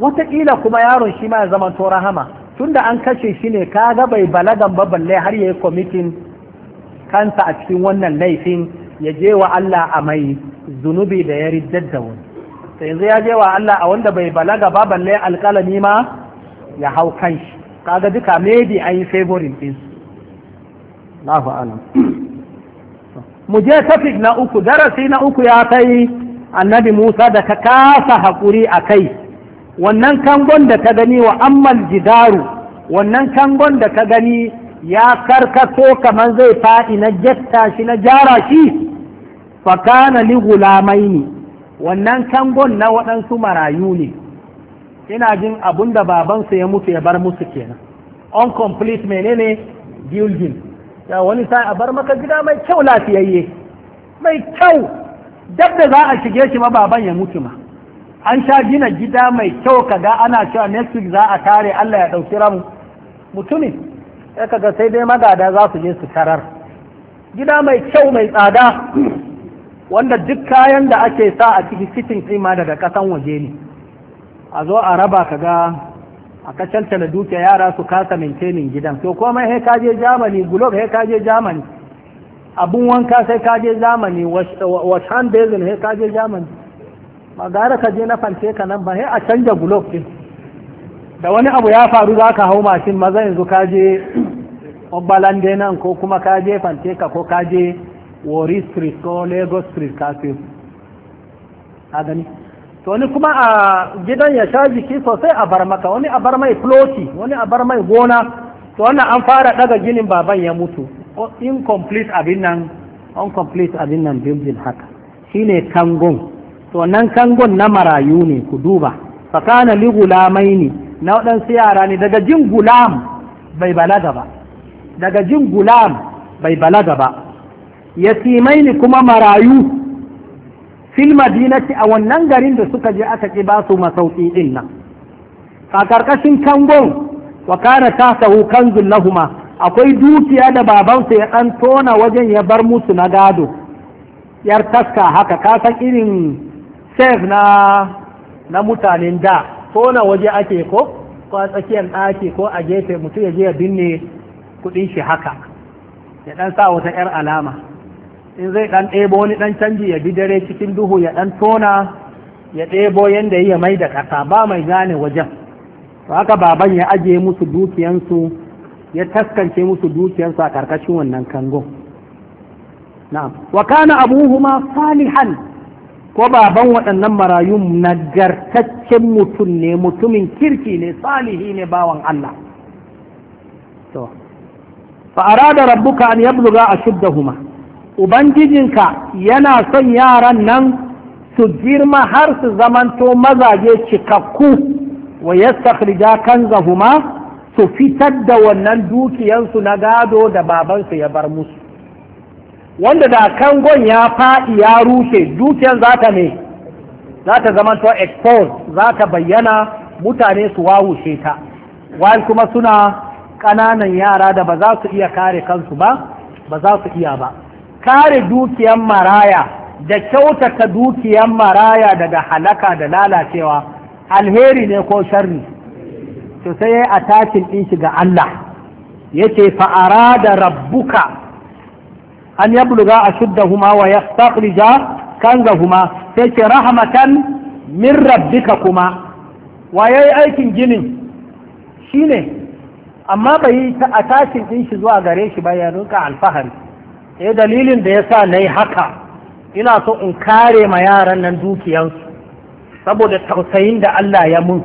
wataƙila kuma yaron shi ma ya zama to rahama tunda an kashe shi ne ka ga bai balagan ba balle har ya yi kwamitin kansa a cikin wannan laifin ya je wa Allah a mai zunubi da ya riddar da wani sai yanzu ya je wa Allah a wanda bai balaga ba balle alƙalami ma ya hau kan shi ga duka maybe an yi favorin din Allahu alam mu je tafik na uku darasi na uku ya kai annabi Musa da ka kasa haƙuri a kai wannan kangon da ta gani wa ammal jidaru wannan kangon da ka gani ya karkato kamar zai faɗi na jatta shi na jara shi fakana li ne. wannan kangon na waɗansu marayu ne ina jin abun da babansu ya mutu ya bar musu kenan on complete menene building ya wani sai a bar maka gida mai kyau lafiyayye mai kyau duk da za a shige shi ma baban ya mutu ma an sha gina gida mai kyau kaga ana cewa next week za a tare Allah ya ɗauki ramu. mutumin sai kaga sai dai magada za su je su karar gida mai kyau mai tsada wanda duk kayan da ake sa a cikin cikin ma daga ƙasan waje ne a zo a raba kaga a kacanta da dukiya yara su kasa maintaining gidan to komai sai ka je Germany globe sai ka Germany abun wanka sai ka je Germany wash hand basin sai ka je Germany ba gara ka je na fante ka nan ba sai a canja gulof din da wani abu ya faru za ka hau mashin maza yanzu ka je obalande nan ko kuma ka je fante ka ko ka je wari street ko lagos street ka fi a gani to ni kuma a gidan ya sha jiki sosai a bar maka wani a bar mai floti wani a bar mai gona to wannan an fara daga ginin baban ya mutu incomplete abin nan uncomplete abin nan building haka shine kangon to nan kangon na marayu ne ku duba fakana li gulamai ne na waɗansu yara ne daga jin gulam bai balaga ba daga jin gulam bai balaga ba yatimai ne kuma marayu fil madinati a wannan garin da suka je aka ƙi basu su masauki ɗin nan a ƙarƙashin kangon wa kana tasahu kanzun lahuma akwai dukiya da babansa ya ɗan tona wajen ya bar musu na gado yar taska haka ka san irin sef na na mutanen da ko na waje ake ko ko a tsakiyar ɗaki ko a gefe mutum ya je ya binne kuɗin shi haka ya ɗan sa wata 'yar alama in zai ɗan ɗebo wani ɗan canji ya bi dare cikin duhu ya ɗan tona ya ɗebo yadda ya mai da ƙasa ba mai gane wajen to haka baban ya ajiye musu dukiyansu ya taskance musu dukiyansu a ƙarƙashin wannan kango na'am wa kana abuhuma salihan ko baban waɗannan marayun nagartaccen mutum ne mutumin kirki ne salihi ne bawan Allah to fa rabbuka an yabluga huma, ubangijinka yana son yaran nan su girma har su zamanto mazaje cikakku wa yastakhrija huma, su fitar da wannan dukiyansu na gado da babansu ya bar musu wanda da kangon ya faɗi ya rushe dukiyar za ta ne za ta zama to expose za ta bayyana mutane su wawushe ta wal kuma suna ƙananan yara da ba za su iya kare kansu ba ba za su iya ba kare dukiyar maraya da kyautata dukiyar maraya daga halaka da lalacewa alheri ne ko sharri to sai ya yi attachin ɗin shi ga Allah yace fa'ara da rabbuka an yabluga huma wa kanga huma sai ce rahamatan min rabbika kuma wa yayi aikin ginin shine amma bai yi a tashin din shi zuwa gare shi ba ya rinka alfahari eh dalilin da yasa nayi haka ina so in kare ma yaran nan dukiyansu saboda tausayin da Allah ya mun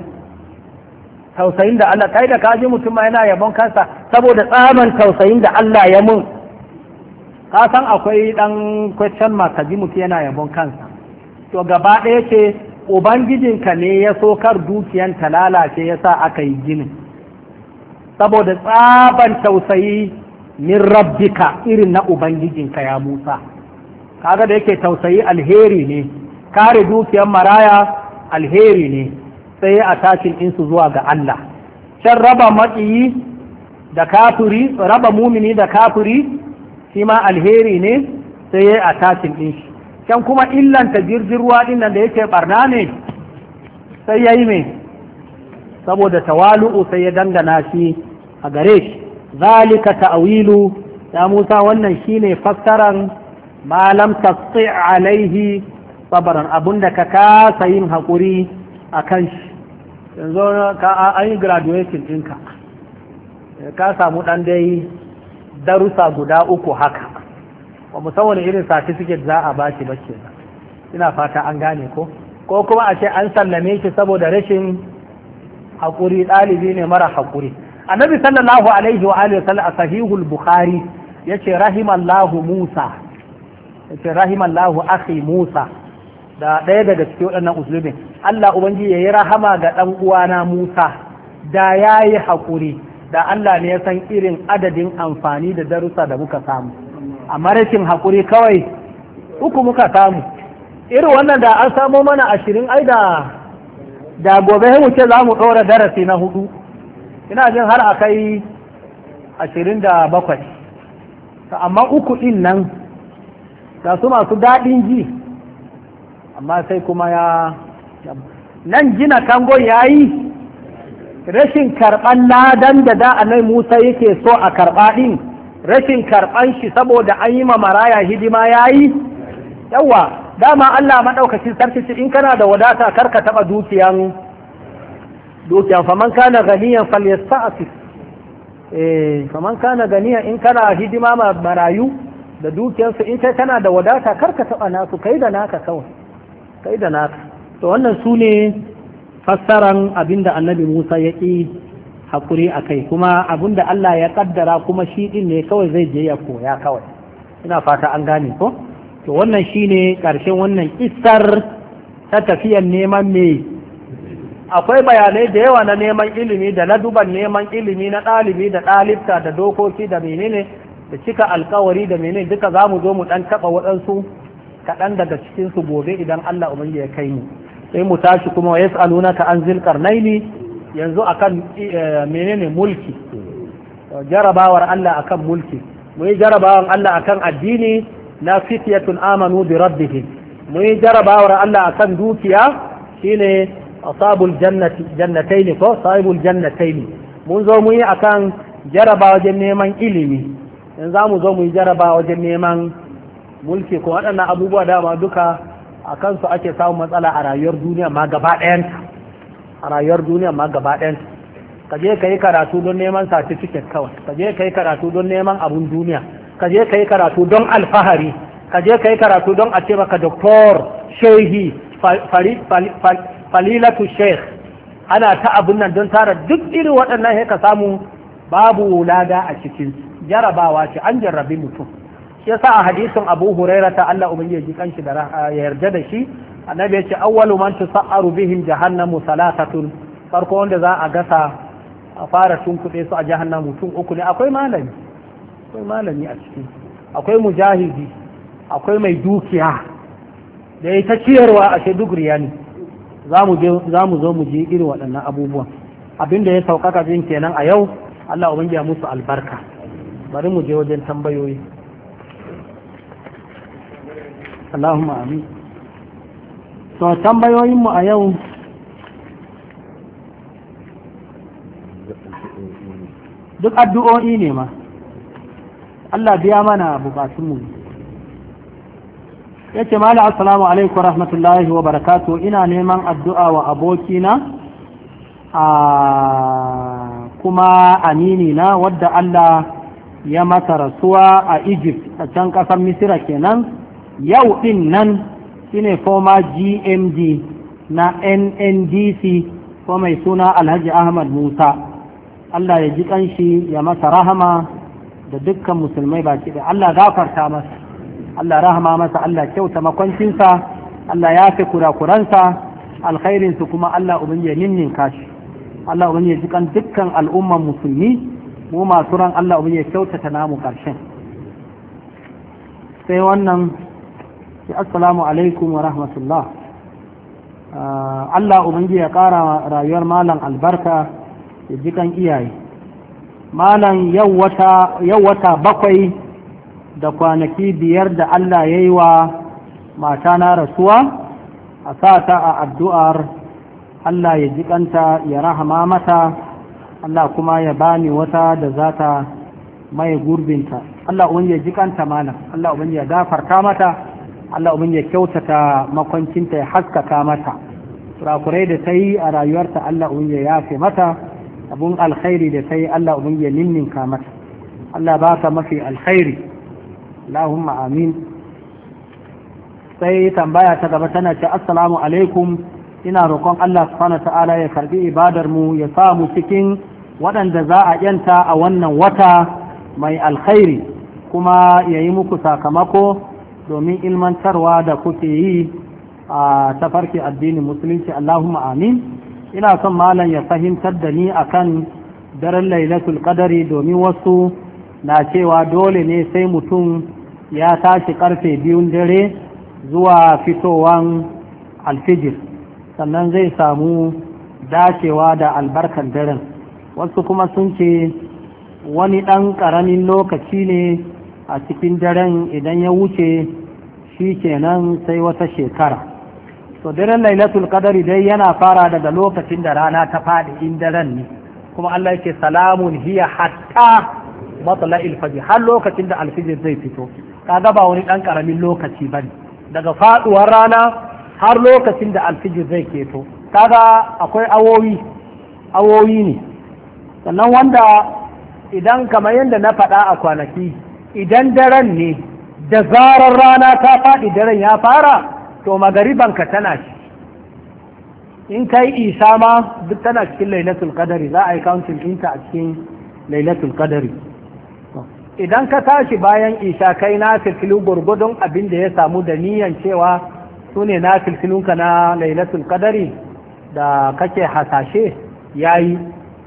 tausayin da Allah kai da kaji mutum ma yana yabon kansa saboda tsaman tausayin da Allah ya mun kasan akwai dan question mark ji mutu yana yabon kansa to gaba ɗaya ce ubangijinka ne ya so kar dukiyan ta lalace ya sa aka yi ginin saboda tsaban tausayi min rabbika irin na ubangijinka ya musa kaga da yake tausayi alheri ne kare dukiyan maraya alheri ne sai a tashin insu zuwa ga Allah can raba da kafiri raba mumini da kafiri shi ma alheri ne sai ya yi tashin ɗin shi can kuma illanta jirgin ruwa ɗin nan da yake ɓarna ne sai ya yi mai saboda tawalu'u sai ya dangana shi a gare shi zalika ta'awilu ya musa wannan shi ne fassaran malam tasti alaihi abin da ka kasa yin haƙuri a kan shi yanzu ka an yi graduation ɗinka ka samu ɗan dai darusa guda uku haka ba musamman irin wani irin certificate za a bashi ba ke ina fata an gane ko ko kuma a ce an sallame shi saboda rashin haƙuri ɗalibi ne mara haƙuri annabi sallallahu alaihi wa alihi sallam a sahihul bukhari yace rahimallahu musa yace rahimallahu akhi musa da ɗaya daga cikin waɗannan usulubin Allah ubangiji yayi rahama ga ɗan uwana Musa da yayi haƙuri da Allah ne ya san irin adadin amfani da darussa da muka samu amma rashin haƙuri kawai uku muka samu irin wannan da an samo mana ashirin ai da da gobe mu ce za mu ɗora darasi na hudu ina jin har a kai ashirin da bakwai amma uku ɗin nan da su masu daɗin ji amma sai kuma ya nan gina kangon ya yi rashin karɓan ladan da da nai Musa yake so a karɓa ɗin rashin karɓan shi saboda an yi ma maraya hidima ya yi yawa dama Allah maɗaukacin sarki in kana da wadata kar ka taɓa dukiyan dukiyan faman kana ganiyan falyasta'afi eh faman kana ganiyan in kana hidima ma marayu da dukiyansu in kai kana da wadata kar ka taɓa nasu kai da naka kawai kai da naka to wannan su ne fassaran abinda annabi Musa ya ƙi hakuri a kai kuma abinda Allah ya kaddara kuma shi ɗin ne kawai zai je ya koya kawai ina fata an gane ko to wannan shine ƙarshen wannan isar ta tafiyar neman me akwai bayanai da yawa na neman ilimi da laduban neman ilimi na ɗalibi da ɗalibta da dokoki da menene da cika alkawari da menene duka zamu zo mu ɗan taɓa waɗansu kaɗan daga cikinsu gobe idan Allah umarni ya kai mu sai mu tashi kuma wa yas'alunaka an zilkar naini yanzu akan eh, menene mulki jarabawar Allah akan mulki mu yi jarabawar Allah akan addini na fitiyatun amanu bi rabbihim mu yi jarabawar Allah akan dukiya shine asabul jannati jannataini ko sahibul mun zo mu yi akan jaraba wajen neman ilimi yanzu za mu zo mu yi jaraba wajen neman mulki ko waɗannan abubuwa dama duka a kansu ake samun matsala a rayuwar duniya ma gaba ɗayanta a rayuwar duniya ma gaba ɗayanta ka je ka yi karatu don neman certificate kawai ka je ka yi karatu don neman abun duniya ka je ka yi karatu don alfahari ka je ka yi karatu don a ce maka doktor shehi falilatu sheikh ana ta abun nan don tara duk irin waɗannan ka samu babu wulada a cikin jarabawa ce an jarrabi mutum yasa a hadisin Abu Huraira ta Allah ubangiji ji shi da ya yarda da shi annabi ya ce awwalu man tusa'aru bihim jahannamu salatatun farko wanda za a gasa a fara tunkuɗe su a jahannamu tun uku ne akwai malami akwai malami a ciki akwai mujahidi akwai mai dukiya da ya ta ciyarwa a shedugriya ne za mu zo mu je irin waɗannan abubuwan abinda ya sauƙaƙa jin kenan a yau Allah ubangiji ya musu albarka bari mu je wajen tambayoyi Allahumma amin to tambayoyinmu a yau duk addu'o'i ne ma Allah biya mana bukatunmu ya ce mala assalamu alaikum rahmatullahi wa barakatu ina neman addu'a wa abokina a kuma aminina wadda Allah ya masa rasuwa a Egypt a can ƙasar Misira kenan yau ɗin nan shine former gmd na nndc ko mai suna alhaji ahmad musa allah ya ji kanshi ya masa rahama da dukkan musulmai baki da allah gafarta masa allah rahama masa allah kyauta makwancinsa allah ya fi kurakuransa alkhairinsu kuma allah ubangiji ya ninnin kashi. allah ubangiji ya ji kan dukkan al'umman musulmi mu masu ran Allah ya kyautata namu ƙarshen sai wannan ce assalamu alaikum wa rahmatullah ah, Allah ubangi ya ƙara rayuwar malam albarka da jikan iyaye malam yau wata bakwai da kwanaki biyar da Allah ya yi wa mata na rasuwa a sa ta a addu'ar Allah ya jikanta ya rahama mata Allah kuma ya bani wata da za ta mai gurbinta Allah ubangi ya jikanta malam Allah ubangi ya gafarta mata Allah ubin ya kyautata makwancinta ya haskaka mata kurakurai da ta yi a rayuwarta Allah ubin ya yafe mata abun alkhairi da ta yi Allah ubin ya ninninka mata Allah ba ka mafi alkhairi Allahumma amin sai tambaya ta gaba tana ce assalamu alaikum ina roƙon Allah subhanahu ta'ala ya karbi ibadar mu ya samu cikin waɗanda za a yanta a wannan wata mai alkhairi kuma ya yi muku sakamako domin ilmantarwa da kuke yi a tafarki addinin musulunci Allahumma amin ina son malam ya fahimtar da ni akan daren lailatul qadari domin wasu na cewa dole ne sai mutum ya tashi karfe biyun dare zuwa fitowan alfijir sannan zai samu dacewa da albarkar daren wasu kuma sun ce wani ɗan ƙaramin lokaci ne a cikin daren idan ya wuce shi kenan sai wata shekara to daren lailatul qadari dai yana fara daga lokacin da rana ta faɗi in daren ne kuma Allah yake salamun hiya hatta matla'il fajr har lokacin da alfijir zai fito kaga ba wani ɗan karamin lokaci bane daga faɗuwar rana har lokacin da alfijir zai keto kaga akwai awowi awowi ne sannan wanda idan kamar yadda na faɗa a kwanaki idan daren ne da zarar rana ta faɗi daren ya fara to magaribanka tana ci in ka yi isa ma duk tana cikin lailatul qadari za a yi counting ɗinta a cikin lailatul qadari idan ka tashi bayan isa kai na filfilu gwargwadon abin da ya samu da niyan cewa su ne na filfilunka na lailatul qadari da kake hasashe ya yi.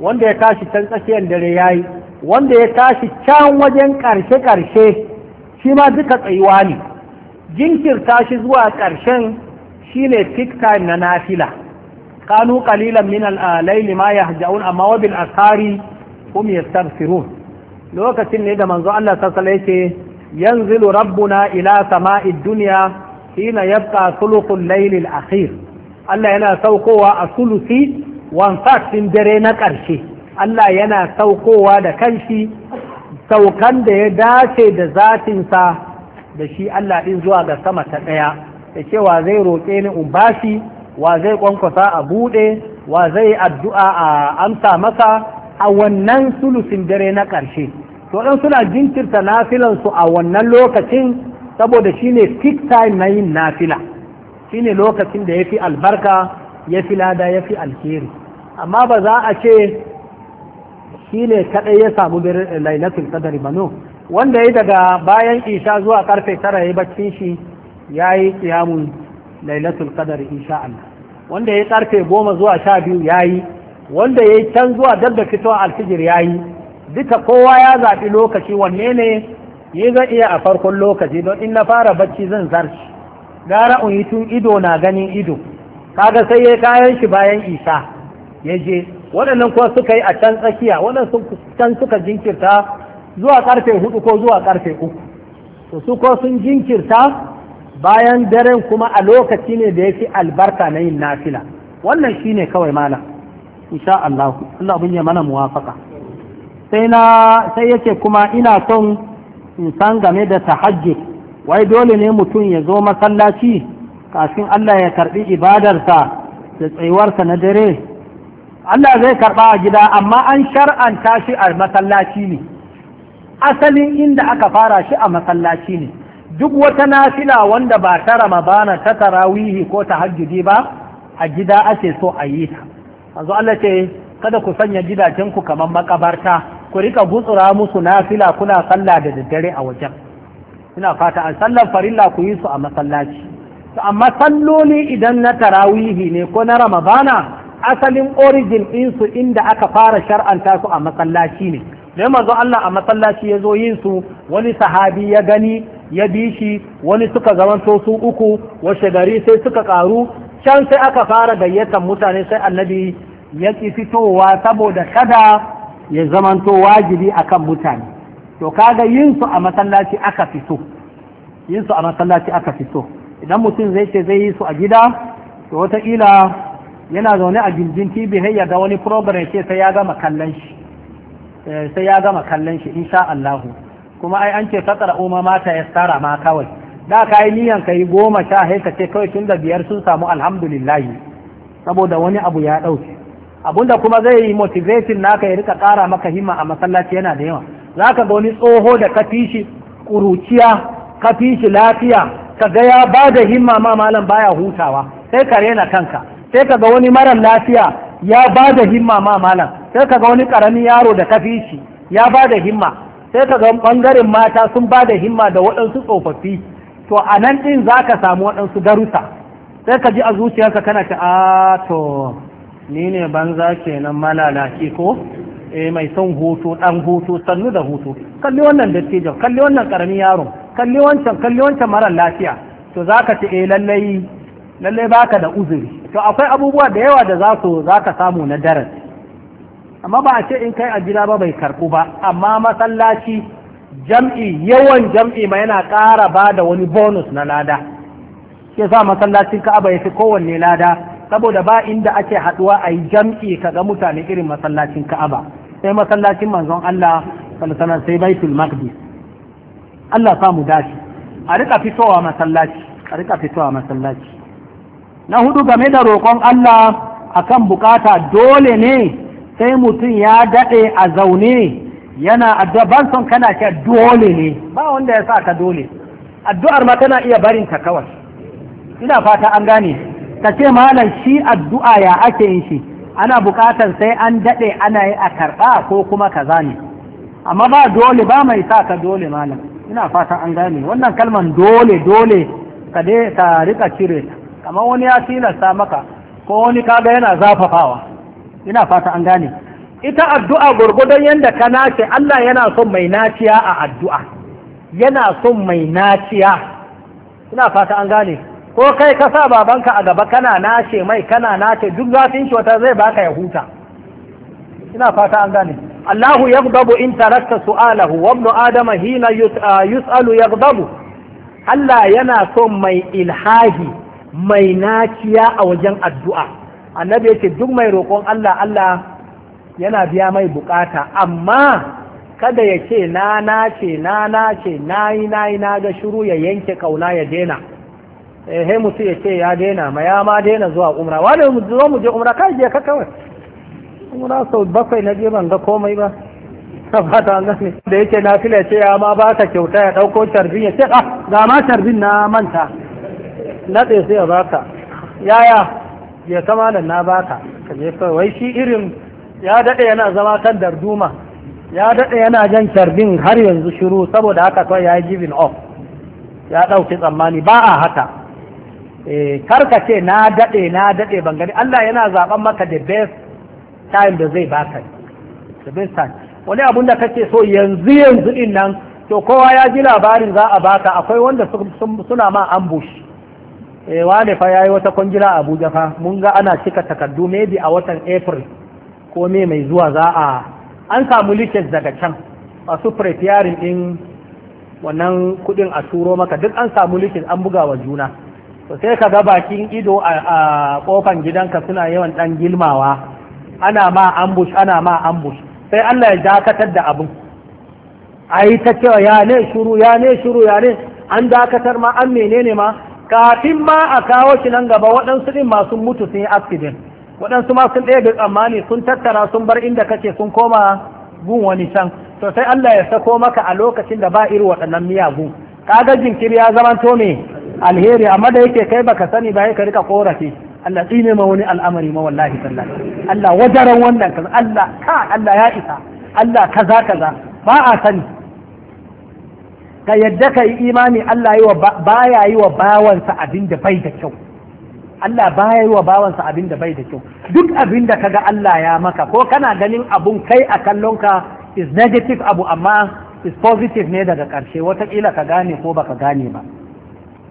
wanda ya tashi can tsakiyar dare ya yi. wanda ya tashi can wajen ƙarshe-ƙarshe shi ma duka tsayuwa ne jinkirta shi zuwa ƙarshen shi ne time na nafila kanu ƙalilan min al'alaili ma ya hajja'un amma wabil asari hum yastaghfirun lokacin ne da manzo Allah sassala yake yanzilu rabbuna ila sama'id dunya hina yabqa thuluthul layl al-akhir Allah yana saukowa a sulusi wan fatin dare na ƙarshe Allah yana saukowa da kanshi saukan da ya dace da zatinsa da shi Allah ɗin zuwa ga sama ta ɗaya da cewa zai roƙe ni in bashi wa zai kwankwasa a buɗe wa zai addu'a a amsa masa a wannan sulusin dare na ƙarshe to ɗan suna jinkirta nafilansu a wannan lokacin saboda shine peak time na yin nafila shine lokacin da ya fi albarka ya fi lada ya fi alheri amma ba za a ce shi ne kaɗai ya samu lailatul qadari no wanda ya daga bayan isha zuwa karfe tara ya baccin shi ya yi ƙiyamun lailatul qadari insha Allah wanda ya karfe goma zuwa sha biyu ya yi wanda ya yi can zuwa dab da alfijir ya yi duka kowa ya zaɓi lokaci wanne ne yi zan iya a farkon lokaci don in na fara bacci zan zarci gara in yi tun ido na ganin ido kaga sai ya kayan shi bayan isa ya je waɗannan kuwa suka yi a can tsakiya waɗansu can suka jinkirta zuwa ƙarfe hudu ko zuwa ƙarfe uku to su ko sun jinkirta bayan daren kuma a lokaci ne da yake albarka na yin nafila wannan shi ne kawai malam insha Allah Allah bin ya mana muwafaka sai na sai yake kuma ina son in san game da tahajjud wai dole ne mutum ya zo masallaci kafin Allah ya karbi ibadarsa da tsayuwarsa na dare Allah zai karɓa a gida amma an shar'anta shi a masallaci ne asalin inda aka fara shi a masallaci ne duk wata nafila wanda ba ta ramadana ta tarawihi ko ta hajjudi ba a gida ake so a yi ta manzo Allah ce kada ku sanya gidajen ku kamar makabarta ku rika gutsura musu nafila kuna sallah da daddare a wajen ina fata an sallan farilla ku yi su a masallaci amma salloli idan na tarawihi ne ko na ramadana asalin origin insu inda aka fara shar'anta su a masallaci ne da mazo Allah a masallaci ya zo yin su wani sahabi ya gani ya bi shi wani suka zamanto su uku washe gari sai suka karu can sai aka fara gayyata mutane sai annabi ya ki fitowa saboda kada ya zamanto wajibi akan mutane to kaga yin su a masallaci aka fito yin su a masallaci aka fito idan mutum zai ce zai yi su a gida to ila. yana zaune a jirgin tv sai ya ga wani program ce sai ya gama kallon shi eh, sai ya gama kallon shi insha Allah kuma ai an ce fatsara umma mata ya tsara ma kawai da ka yi niyan kai goma sha sai ka ce kawai tun da biyar sun samu alhamdulillah saboda wani abu ya dauke abunda kuma zai yi motivation naka ya rika kara maka himma a masallaci yana da yawa zaka ga wani tsoho da kafishi kuruciya ka lafiya ka ga ya bada himma ma malam baya hutawa sai ka rena kanka sai kaga wani marar lafiya ya ba da himma ma malam sai kaga wani karamin yaro da kafi shi ya ba da himma sai kaga bangaren mata sun ba da himma da waɗansu tsofaffi to a nan ɗin za ka samu waɗansu garusa sai ka ji a zuciyarka kana ta a to ni ne banza kenan ke ko eh mai son hutu ɗan hutu sannu da hutu kalli wannan dattijan kalli wannan ƙaramin yaro, kalli wancan kalli wancan marar lafiya to za ka ce eh lallai lallai baka da uzuri to akwai abubuwa da yawa da za su za ka samu na darasi amma ba a ce in kai a gida ba bai karɓu ba amma masallaci jam'i yawan jam'i ma yana ƙara ba da wani bonus na lada ke sa masallacin ka'aba ya fi kowanne lada saboda ba inda ake haɗuwa a yi jam'i ga mutane irin masallacin ka'aba sai masallacin manzon Allah sallallahu sai baitul maqdis Allah samu dashi a rika fitowa masallaci a rika fitowa masallaci na hudu game da roƙon Allah akan bukata dole ne sai mutum ya daɗe a zaune yana addu'a ban son kana ce dole ne ba wanda ya sa ka dole addu'ar ma tana iya barin ta kawai ina fata an gane ka ce malam shi addu'a ya ake yin shi ana bukatar sai an daɗe ana yi a karɓa ko kuma kaza ne amma ba dole ba mai sa ka dole malam ina fata an gane wannan kalman dole dole ka dai ka rika cire ta amma wani ya tilasta maka ko wani kaga yana zafafawa ina fata an gane ita addu'a gurgudan yadda ka nace Allah yana son mai naciya a addu'a yana son mai naciya ina fata an gane ko kai ka sa babanka a gaba kana nace mai kana nace duk zafin shi wata zai baka ya huta ina fata an gane Allahu yaghdabu in tarakta su'alahu wa ibnu adama hina ah, yus'alu yaghdabu Allah yana son mai ilhahi mai naciya a wajen addu'a annabi yake duk mai roƙon Allah Allah yana biya mai bukata amma kada ya ce na nace na nace na yi na yi na ga shiru ya yanke kauna ya daina ehe eh, mutu ya ce ya daina ma ya ma daina zuwa umra wani zo mu je umra kai je ka kawai umra sau bakwai na je ban ga komai ba fata an gane da yake na fila ce ya ma ba ka kyauta ya ɗauko carbin ya ce ah ga ma carbin na manta naɗe sai ya baka yaya ya kama da na baka ka je wai shi irin ya daɗe yana zama kan darduma ya daɗe yana jan carbin har yanzu shiru saboda haka kawai ya yi giving off ya ɗauki tsammani ba a haka eh, karka ce na daɗe na daɗe ban gani Allah yana zaɓen maka the best time da zai baka the best time wani abun da kake so yanzu yanzu din nan to kowa ya ji labarin za a baka akwai wanda suna ma ambush e eh, ne fa yi wata kwangila a Abuja fa mun ga ana cika takardu maybe a watan April ko me mai zuwa za a an samu leakage daga can masu preparing din wannan kudin a turo maka duk an samu leakage an buga wa juna to sai ka ga bakin ido a kofan gidanka suna yawan dan gilmawa ana ma ambush ana ma ambush sai Allah ya dakatar da abin ai ta cewa ya ne shuru ya ne shuru ya ne an dakatar ma an menene ma kafin ma a kawo shi nan gaba waɗansu ɗin masu mutu sun yi accident waɗansu ma sun ɗaya da tsammani sun tattara sun bar inda kake sun koma gun wani can to sai Allah ya sako maka a lokacin da ba iri waɗannan miyagu kaga jinkiri ya zama to me alheri amma da yake kai baka sani ba ka rika korafi Allah tsine ma wani al'amari ma wallahi sallah Allah wajaran wannan kaza Allah ka Allah ya isa Allah kaza kaza ba a sani ka yadda ka yi imani Allah yi wa baya yi wa bawansa abin da bai da kyau Allah baya yi wa bawansa abin da bai da kyau duk abin da kaga Allah ya maka ko kana ganin abun kai a kallonka is negative abu amma is positive ne daga ƙarshe wataƙila ka gane ko baka gane ba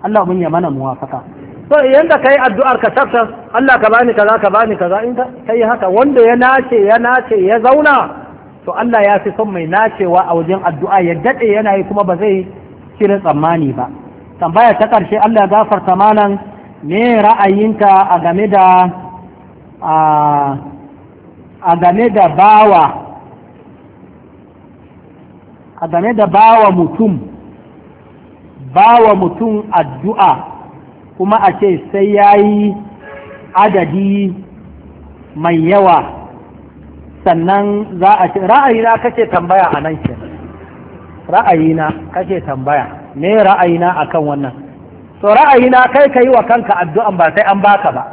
Allah mun ya mana muwafaka to yanda kai addu'ar ka tafsir Allah ka bani kaza ka bani kaza in kai haka wanda ya nace ya nace ya zauna to Allah ya fi son mai nacewa a wajen addu'a ya daɗe yana yi kuma ba zai cire tsammani ba tambaya ta ƙarshe Allah ya gafarta malam me ra'ayinka a da a game da bawa a game da bawa mutum bawa mutum addu'a kuma a ce sai ya yi adadi mai yawa sannan za a ce ra'ayina kace tambaya a nan ke ra'ayina kace tambaya me ra'ayina akan wannan to ra'ayina kai ka yi wa kanka addu'an ba sai an baka ba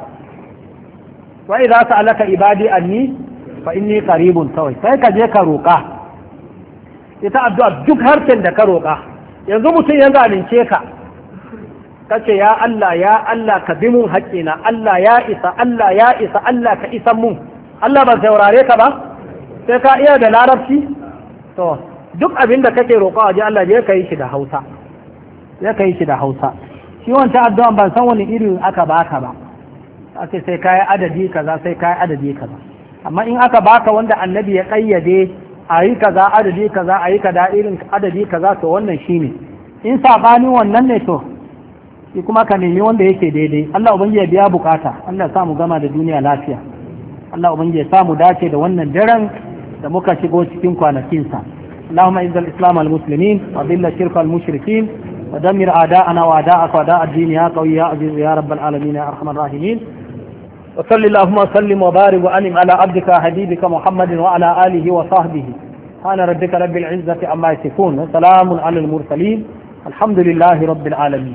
wa idza sa'alaka ibadi anni fa inni qaribun kawai sai ka je ka roƙa ita addu'a duk harshen da ka roƙa yanzu mutum ya zalunce ka ka ce ya Allah ya Allah ka bi mun haƙƙina Allah ya isa Allah ya isa Allah ka isa mun Allah ba saurare ka ba sai ka iya da larabci to duk abin da kake roƙa ji Allah ya kai shi da Hausa ya kai shi da Hausa shi wancan addu'an ban san wani irin aka baka ba ake sai kai adadi kaza sai kai adadi kaza amma in aka baka wanda annabi ya kayyade a yi kaza adadi kaza a yi kaza irin adadi kaza to wannan shine in sabani wannan ne to shi kuma ka nemi wanda yake daidai Allah ubangiji ya biya bukata Allah ya mu gama da duniya lafiya Allah ubin ya samu dace da wannan daren da muka shigo cikin kwanakinsa. Allahumma izza al-islam al-muslimin wa dhilla shirka al-mushrikin wa damir a'da'ana wa da'aka wa da'a ad-din ya qawi ya aziz ya rabbal alamin arhamar rahimin. Wa salli Allahumma sallim wa ala abdika habibika Muhammadin wa ala alihi wa sahbihi. Ana rabbika rabbil izzati amma yasifun. Salamun alal mursalin. Alhamdulillahi rabbil alamin.